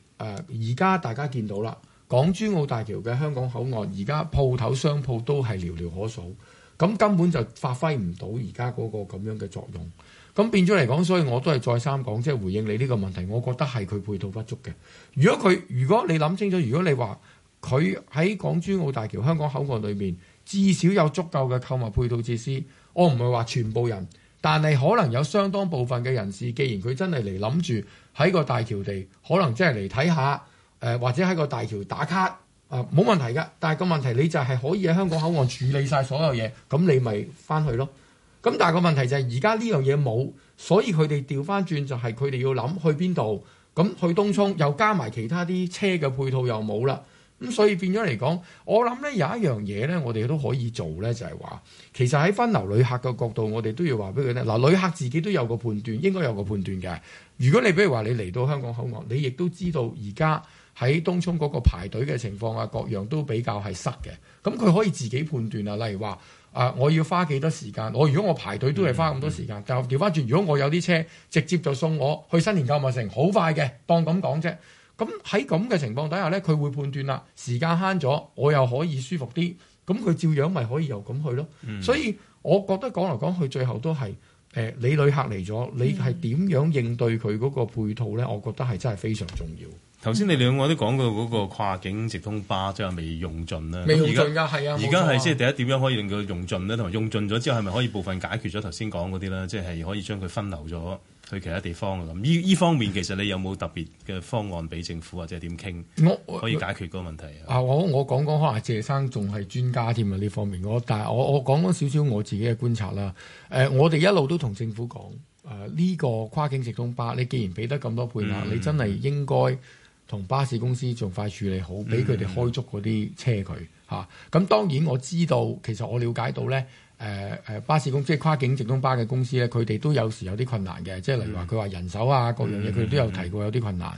而家大家見到啦，港珠澳大橋嘅香港口岸而家鋪頭商鋪都係寥寥可數，咁根本就發揮唔到而家嗰個咁樣嘅作用。咁變咗嚟講，所以我都係再三講，即係回應你呢個問題，我覺得係佢配套不足嘅。如果佢如果你諗清楚，如果你話佢喺港珠澳大橋香港口岸裏面至少有足夠嘅購物配套設施，我唔係話全部人，但係可能有相當部分嘅人士，既然佢真係嚟諗住。喺個大橋地可能即係嚟睇下，誒、呃、或者喺個大橋打卡啊，冇、呃、問題㗎。但係個問題你就係可以喺香港口岸處理晒所有嘢，咁 你咪翻去咯。咁但係個問題就係而家呢樣嘢冇，所以佢哋調翻轉就係佢哋要諗去邊度。咁去東涌又加埋其他啲車嘅配套又冇啦。咁所以變咗嚟講，我諗咧有一樣嘢咧，我哋都可以做咧，就係話其實喺分流旅客嘅角度，我哋都要話俾佢聽。嗱、呃，旅客自己都有個判斷，應該有個判斷嘅。如果你比如話你嚟到香港口岸，你亦都知道而家喺東涌嗰個排隊嘅情況啊，各樣都比較係塞嘅。咁佢可以自己判斷啊。例如話啊、呃，我要花幾多時間？我如果我排隊都係花咁多時間，嗯嗯、但調翻轉，如果我有啲車直接就送我去新年購物城，好快嘅，當咁講啫。咁喺咁嘅情況底下咧，佢會判斷啦，時間慳咗，我又可以舒服啲，咁佢照樣咪可以又咁去咯。嗯、所以，我覺得講嚟講去，最後都係、呃、你旅客嚟咗，你係點樣應對佢嗰個配套咧？我覺得係真係非常重要。頭先、嗯、你兩位都講過嗰個跨境直通巴，即係未用盡啦，未用盡㗎，係啊，而家係即係第一點樣可以令佢用盡咧，同埋用盡咗之後係咪可以部分解決咗頭先講嗰啲咧？即係可以將佢分流咗。去其他地方咁，呢方面其實你有冇特別嘅方案俾政府或者點傾？我可以解決嗰個問題啊！我我講講可能謝生仲係專家添啊，呢方面，我但係我我講講少少我自己嘅觀察啦、呃。我哋一路都同政府講，呢、呃這個跨境直通巴，你既然俾得咁多配額，嗯、你真係應該同巴士公司仲快處理好，俾佢哋開足嗰啲車佢咁、嗯啊、當然我知道，其實我了解到咧。誒、呃、巴士公司即係跨境直通巴嘅公司咧，佢哋都有時有啲困難嘅，即係例如話佢話人手啊、嗯、各樣嘢，佢哋都有提過有啲困難。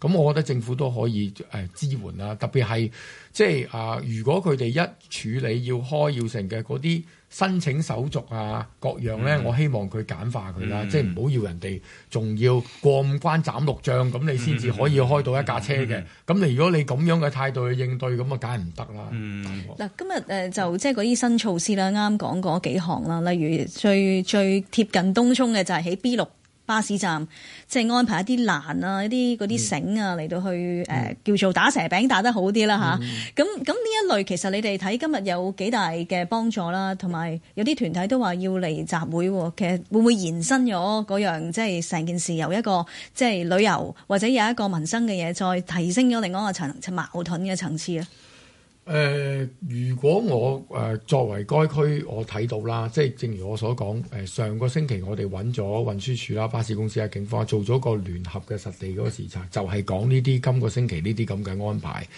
咁、嗯嗯、我覺得政府都可以、呃、支援啦、啊，特別係。即係啊！如果佢哋一處理要開要成嘅嗰啲申請手續啊，各樣咧，mm hmm. 我希望佢簡化佢啦，mm hmm. 即係唔好要人哋仲要過五關斬六將咁你先至可以開到一架車嘅。咁你、mm hmm. 如果你咁樣嘅態度去應對，咁啊梗係唔得啦。嗱、mm，hmm. 今日誒就即係嗰啲新措施啦，啱啱講過幾行啦，例如最最貼近東涌嘅就係喺 B 六。巴士站即係安排一啲欄啊，一啲嗰啲繩啊嚟到去誒、呃、叫做打蛇餅打得好啲啦吓，咁咁呢一類其實你哋睇今日有幾大嘅幫助啦，同埋有啲團體都話要嚟集會，其實會唔會延伸咗嗰樣即係成件事由一個即係、就是、旅遊或者有一個民生嘅嘢，再提升咗另外一個層矛盾嘅層次啊？誒、呃，如果我誒、呃、作為該區，我睇到啦，即係正如我所講、呃、上個星期我哋揾咗運輸署啦、巴士公司啊、警方做咗個聯合嘅實地嗰個視察，就係講呢啲今個星期呢啲咁嘅安排。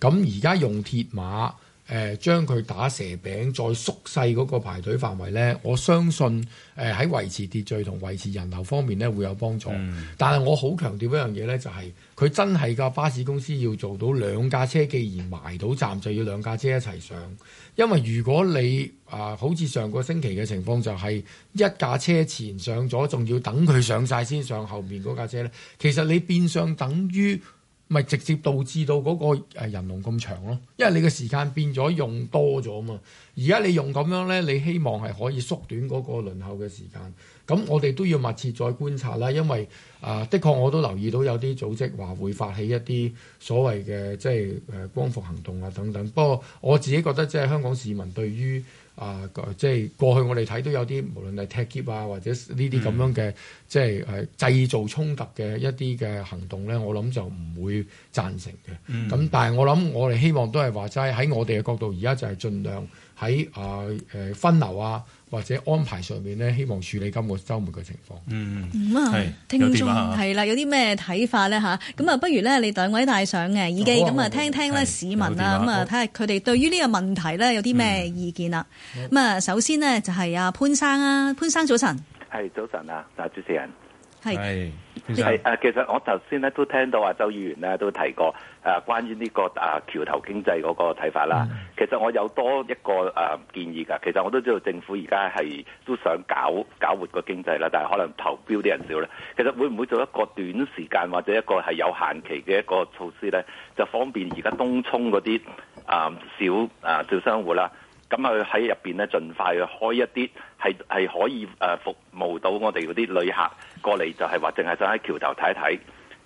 咁而家用鐵馬。誒將佢打蛇餅，再縮細嗰個排隊範圍呢，我相信誒喺維持秩序同維持人流方面呢會有幫助。嗯、但係我好強調一樣嘢呢，就係佢真係架巴士公司要做到兩架車，既然埋到站就要兩架車一齊上，因為如果你啊好似上個星期嘅情況，就係一架車前上咗，仲要等佢上晒先上後面嗰架車呢，其實你變相等於。咪直接導致到嗰個人龍咁長咯，因為你嘅時間變咗用多咗嘛。而家你用咁樣咧，你希望係可以縮短嗰個輪候嘅時間。咁我哋都要密切再觀察啦，因為啊，的確我都留意到有啲組織話會發起一啲所謂嘅即係誒光復行動啊等等。不過我自己覺得即係香港市民對於。啊、呃！即係過去我哋睇都有啲，無論係踢篋啊，或者呢啲咁樣嘅，嗯、即係誒製造衝突嘅一啲嘅行動咧，我諗就唔會贊成嘅。咁、嗯、但係我諗我哋希望都係話齋喺我哋嘅角度，而家就係盡量喺啊、呃呃、分流啊，或者安排上面咧，希望處理今個週末嘅情況。嗯，咁是眾啊，聽眾問題啦，有啲咩睇法咧吓？咁啊，不如咧你兩位戴上嘅耳機，咁啊聽聽咧市民啦，咁啊睇下佢哋對於呢個問題咧有啲咩意見啦。嗯咁啊，首先呢就係阿潘生啊，潘生早晨，係早晨啊，嗱主持人係係，誒是你，其實我頭先咧都聽到阿周議員咧都提過誒，關於呢個誒橋頭經濟嗰個睇法啦。嗯、其實我有多一個誒建議噶。其實我都知道政府而家係都想搞搞活個經濟啦，但係可能投標啲人少啦。其實會唔會做一個短時間或者一個係有限期嘅一個措施咧，就方便而家東涌嗰啲啊小啊小商戶啦？咁佢喺入面咧，盡快去開一啲係係可以誒、呃、服務到我哋嗰啲旅客過嚟，就係話淨係想喺橋頭睇一睇，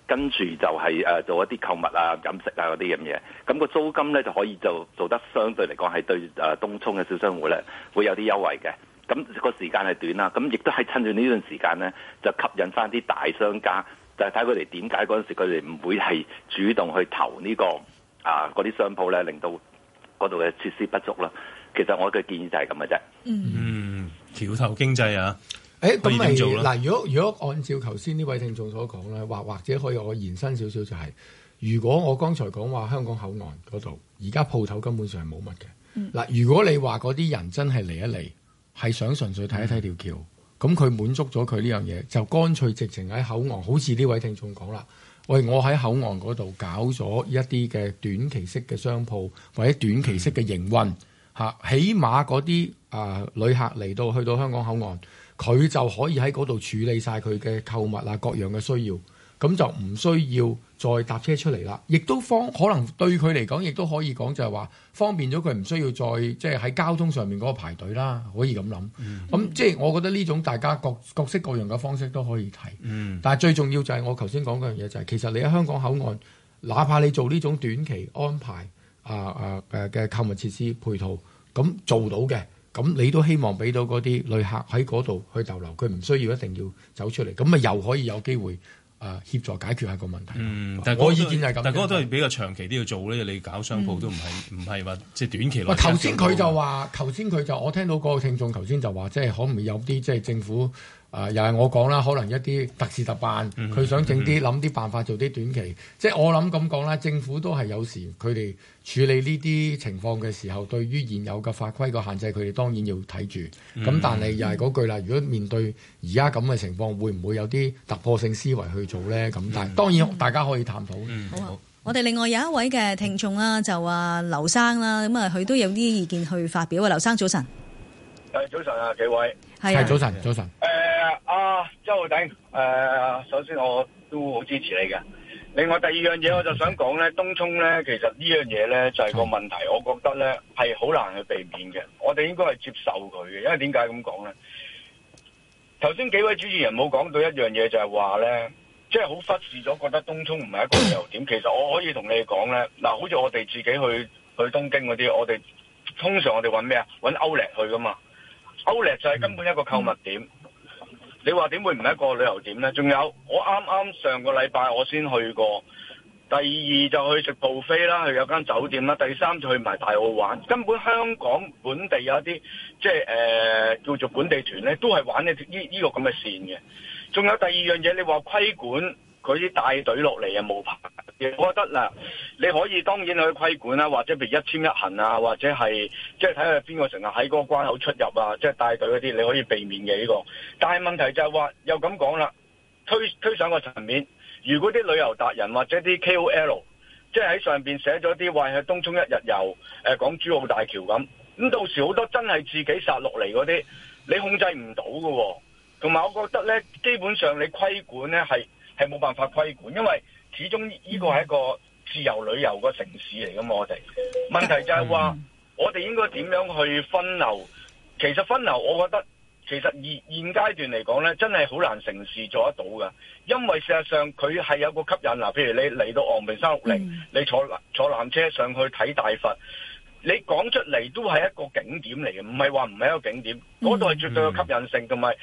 跟住就係、是、誒、呃、做一啲購物啊、飲食啊嗰啲咁嘢。咁、那個租金咧就可以就做，做得相對嚟講係對誒、呃、東涌嘅小商戶咧會有啲優惠嘅。咁、那個時間係短啦，咁亦都係趁住呢段時間咧，就吸引翻啲大商家。就睇佢哋點解嗰陣時佢哋唔會係主動去投、這個啊、呢個啊嗰啲商鋪咧，令到嗰度嘅設施不足啦。其實我嘅建議就係咁嘅啫。嗯，嗯、橋頭經濟啊，誒咁咪嗱。如果如果按照頭先呢位聽眾所講咧，或或者可以我延伸少少，就是，就係如果我剛才講話香港口岸嗰度而家鋪頭根本上係冇乜嘅。嗱、嗯，如果你話嗰啲人真係嚟一嚟係想純粹睇一睇條橋，咁佢、嗯、滿足咗佢呢樣嘢，就乾脆直情喺口岸，好似呢位聽眾講啦。喂，我喺口岸嗰度搞咗一啲嘅短期式嘅商鋪或者短期式嘅營運。嗯嚇，起碼嗰啲啊旅客嚟到去到香港口岸，佢就可以喺嗰度處理晒佢嘅購物啊各樣嘅需要，咁就唔需要再搭車出嚟啦。亦都方可能對佢嚟講，亦都可以講就係話方便咗佢唔需要再即係喺交通上面嗰個排隊啦。可以咁諗。咁、mm hmm. 嗯、即係我覺得呢種大家各各式各樣嘅方式都可以提。Mm hmm. 但係最重要剛才就係我頭先講嗰樣嘢就係，其實你喺香港口岸，哪怕你做呢種短期安排。啊啊誒嘅購物設施配套，咁做到嘅，咁你都希望俾到嗰啲旅客喺嗰度去逗留，佢唔需要一定要走出嚟，咁咪又可以有機會啊協助解決下個問題。嗯，但係我意見係咁，但係嗰個都係比較長期啲去做咧，你搞商鋪都唔係唔係話即係短期內。頭先佢就話，頭先佢就我聽到個聽眾頭先就話，即係可唔可以有啲即係政府？啊，又係我講啦，可能一啲特事特辦，佢、嗯、想整啲諗啲辦法做啲短期，即係、嗯、我諗咁講啦。政府都係有時佢哋處理呢啲情況嘅時候，對於現有嘅法規個限制，佢哋當然要睇住。咁、嗯、但係又係嗰句啦，嗯、如果面對而家咁嘅情況，會唔會有啲突破性思維去做呢？咁、嗯、但係當然大家可以探討。嗯、好，好我哋另外有一位嘅聽眾啦，就話劉生啦，咁啊佢都有啲意見去發表啊。劉生早晨，誒早晨啊，幾位。係早晨，早晨。誒、呃、啊，周浩鼎誒、呃，首先我都好支持你嘅。另外第二樣嘢，我就想講咧， 東涌咧，其實呢樣嘢咧就係、是、個問題，我覺得咧係好難去避免嘅。我哋應該係接受佢嘅，因為點解咁講咧？頭先幾位主持人冇講到一樣嘢，就係話咧，即係好忽視咗，覺得東涌唔係一個旅遊點。 其實我可以同你講咧，嗱，好似我哋自己去去東京嗰啲，我哋通常我哋揾咩啊？揾 outlet 去噶嘛。Ole 就係根本一個購物點，你話點會唔係一個旅遊點呢？仲有我啱啱上個禮拜我先去過，第二就去食布菲啦，去有間酒店啦，第三就去埋大澳玩。根本香港本地有一啲即係誒、呃、叫做本地團呢，都係玩呢、呢、呢個咁嘅、呢個呢個、線嘅。仲有第二樣嘢，你話規管。佢啲帶隊落嚟啊，冇牌嘅，我覺得嗱，你可以當然可以規管啦，或者譬如一簽一行啊，或者係即係睇下邊個成日喺嗰個關口出入啊，即係帶隊嗰啲你可以避免嘅呢個。但係問題就係話又咁講啦，推推上個層面，如果啲旅遊達人或者啲 KOL 即係喺上面寫咗啲話係東涌一日遊，誒講珠澳大橋咁，咁到時好多真係自己殺落嚟嗰啲，你控制唔到㗎喎。同埋我覺得咧，基本上你規管咧係。係冇辦法規管，因為始終呢個係一個自由旅遊嘅城市嚟噶嘛。我哋問題就係、是、話，我哋應該點樣去分流？其實分流，我覺得其實現現階段嚟講呢，真係好難成事做得到噶。因為事實上佢係有個吸引，嗱，譬如你嚟到昂坪三六零，你坐坐纜車上去睇大佛，你講出嚟都係一個景點嚟嘅，唔係話唔係一個景點。嗰度係絕對有吸引性。同埋、嗯、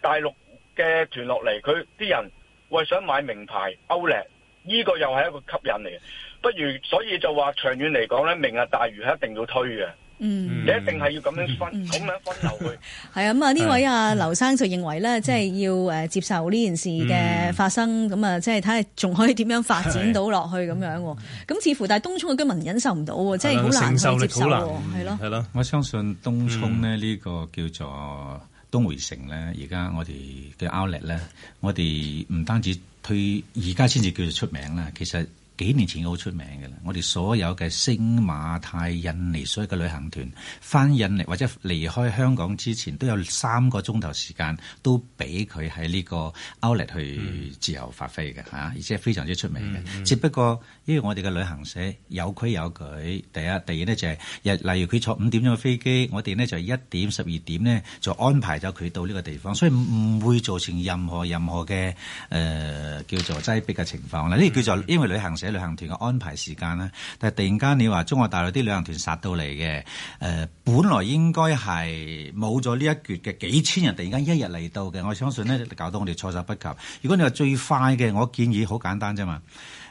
大陸嘅團落嚟，佢啲人。我想買名牌歐力，呢個又係一個吸引嚟嘅，不如所以就話長遠嚟講咧，明日大嶼係一定要推嘅，你一定係要咁樣分，咁樣分流佢。係啊，咁啊呢位啊劉生就認為咧，即係要誒接受呢件事嘅發生，咁啊即係睇下仲可以點樣發展到落去咁樣。咁似乎但係東涌嘅居民忍受唔到，即係好難去接受。係咯，係咯，我相信東涌咧呢個叫做。東薈城咧，而家我哋嘅 Outlet 咧，我哋唔單止推，而家先至叫做出名啦，其實。幾年前好出名嘅啦，我哋所有嘅星馬泰印尼所有嘅旅行團翻印尼或者離開香港之前，都有三個鐘頭時間都俾佢喺呢個 outlet 去自由發揮嘅吓，嗯、而且是非常之出名嘅。嗯嗯、只不過因為我哋嘅旅行社有規有矩，第一、第二咧就係、是、日，例如佢坐五點鐘嘅飛機，我哋咧就一點十二點咧就安排咗佢到呢個地方，所以唔會造成任何任何嘅誒、呃、叫做擠逼嘅情況啦。呢叫做因為旅行社。啲旅行團嘅安排時間咧，但係突然間你話中國大陸啲旅行團殺到嚟嘅，誒、呃，本來應該係冇咗呢一橛嘅幾千人，突然間一日嚟到嘅，我相信咧搞到我哋措手不及。如果你話最快嘅，我建議好簡單啫嘛。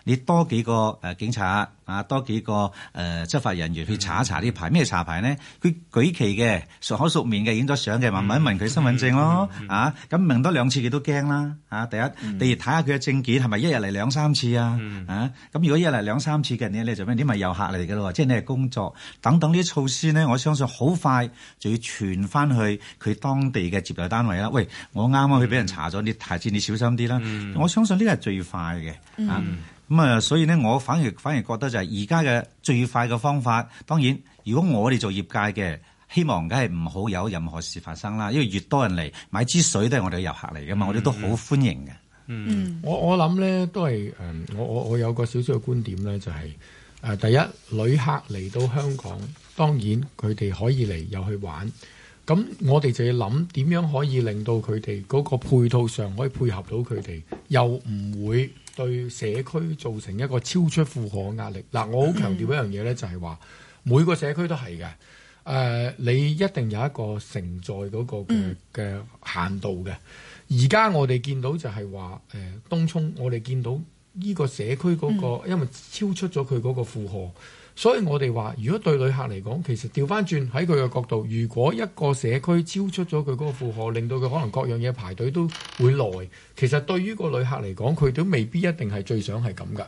你多幾個警察啊，多幾個誒、呃、執法人員去查一查啲牌，咩、嗯、查牌咧？佢舉旗嘅熟口熟面嘅，影咗相嘅，慢慢問佢身份證咯，嗯嗯嗯、啊，咁問多兩次佢都驚啦，啊，第一，嗯、第二睇下佢嘅證件係咪一日嚟兩三次啊，啊，咁如果一日嚟兩三次嘅你咧就咩？你咪遊客嚟嘅咯，即係你係工作等等呢啲措施咧，我相信好快就要傳翻去佢當地嘅接待單位啦。喂，我啱啱去俾人查咗，你下次你小心啲啦。嗯、我相信呢個係最快嘅，嗯嗯。咁啊，所以咧，我反而反而覺得就係而家嘅最快嘅方法。當然，如果我哋做業界嘅，希望梗係唔好有任何事發生啦。因為越多人嚟買支水都、嗯嗯，都係我哋嘅遊客嚟噶嘛，我哋都好歡迎嘅。嗯，我我諗咧都係誒，我我我有個少少嘅觀點咧，就係、是、誒，第一，旅客嚟到香港，當然佢哋可以嚟又去玩。咁我哋就要諗點樣可以令到佢哋嗰個配套上可以配合到佢哋，又唔會。對社區造成一個超出負荷嘅壓力。嗱，我好強調一樣嘢咧，就係話每個社區都係嘅。誒、呃，你一定有一個承載嗰個嘅嘅限度嘅。而家我哋見到就係話，誒、呃、東涌，我哋見到呢個社區嗰、嗰個，因為超出咗佢嗰個負荷。所以我哋話，如果對旅客嚟講，其實掉返轉喺佢嘅角度，如果一個社區超出咗佢嗰個負荷，令到佢可能各樣嘢排隊都會耐，其實對於個旅客嚟講，佢都未必一定係最想係咁㗎。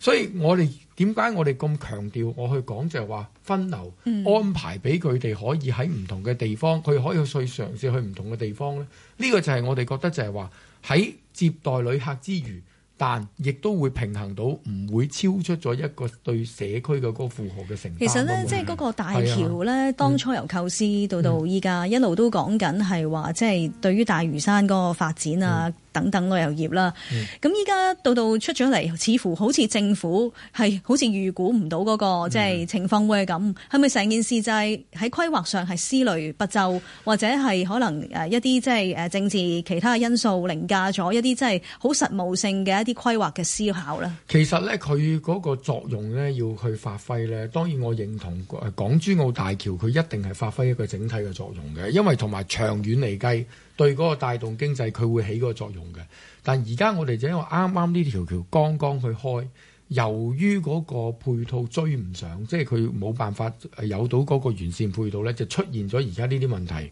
所以我哋點解我哋咁強調，我去講就係話分流安排俾佢哋可以喺唔同嘅地方，佢可以去嘗試去唔同嘅地方咧。呢個就係我哋覺得就係話喺接待旅客之餘。但亦都會平衡到，唔會超出咗一個對社區嘅嗰個負荷嘅承擔。其實咧，即係嗰個大橋咧，啊、當初由構思到到依家，嗯，一路都講緊係話即係對於大嶼山嗰個發展啊、嗯、等等旅遊業啦。咁依家到到出咗嚟，似乎好似政府係好似預估唔到嗰個即係、就是、情況會係咁，係咪成件事就係、是、喺規劃上係思慮不周，或者係可能誒一啲即係誒政治其他嘅因素凌駕咗一啲即係好實務性嘅啲規劃嘅思考咧，其實咧佢嗰個作用咧要去發揮咧，當然我認同誒港珠澳大橋佢一定係發揮一個整體嘅作用嘅，因為同埋長遠嚟計，對嗰個帶動經濟佢會起嗰個作用嘅。但而家我哋就因為啱啱呢條橋剛剛去開，由於嗰個配套追唔上，即係佢冇辦法有到嗰個完善配套咧，就出現咗而家呢啲問題。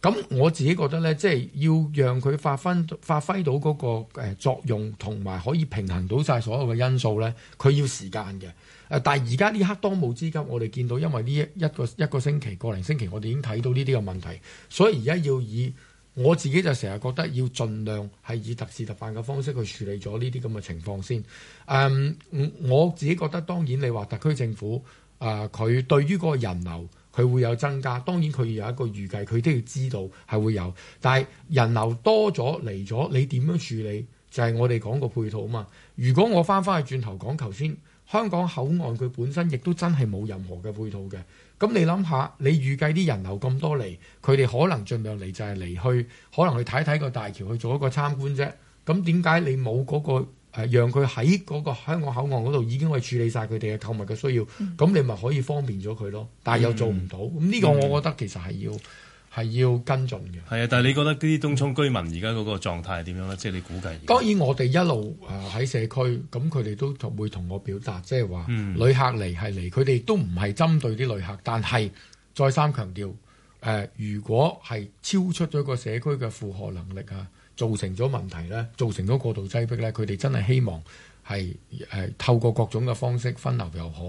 咁我自己覺得咧，即係要讓佢發揮發揮到嗰個作用，同埋可以平衡到晒所有嘅因素咧，佢要時間嘅。誒、但係而家呢刻當務之急，我哋見到因為呢一一個一個星期、個零星期，我哋已經睇到呢啲嘅問題，所以而家要以我自己就成日覺得要盡量係以特事特辦嘅方式去處理咗呢啲咁嘅情況先、嗯。我自己覺得當然你話特區政府佢、呃、對於嗰個人流。佢會有增加，當然佢要有一個預計，佢都要知道係會有。但係人流多咗嚟咗，你點樣處理？就係、是、我哋講個配套嘛。如果我翻翻去轉頭講頭先香港口岸，佢本身亦都真係冇任何嘅配套嘅。咁你諗下，你預計啲人流咁多嚟，佢哋可能盡量嚟就係、是、嚟去，可能去睇睇個大橋去做一個參觀啫。咁點解你冇嗰、那個？誒，讓佢喺嗰個香港口岸嗰度已經為處理晒佢哋嘅購物嘅需要，咁、嗯、你咪可以方便咗佢咯。但係又做唔到，咁呢個我覺得其實係要係、嗯、要跟進嘅。係啊，但係你覺得啲東涌居民而家嗰個狀態係點樣咧？即、就、係、是、你估計在。當然，我哋一路誒喺、呃、社區，咁佢哋都同會同我表達就是說，即係話旅客嚟係嚟，佢哋都唔係針對啲旅客，但係再三強調誒、呃，如果係超出咗個社區嘅負荷能力啊。造成咗問題呢，造成咗過度擠迫呢，佢哋真係希望係誒透過各種嘅方式分流又好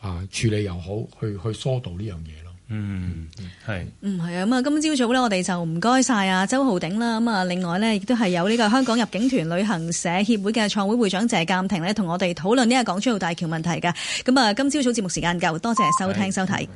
啊、呃、處理又好，去去疏導呢樣嘢咯。嗯，係，嗯係啊。咁啊、嗯，今朝早呢，我哋就唔該晒啊周浩鼎啦。咁啊，另外呢，亦都係有呢個香港入境團旅行社協會嘅創會會長謝淦廷呢，同我哋討論呢個港珠澳大橋問題嘅。咁啊，今朝早節目時間夠，多謝收聽的收睇。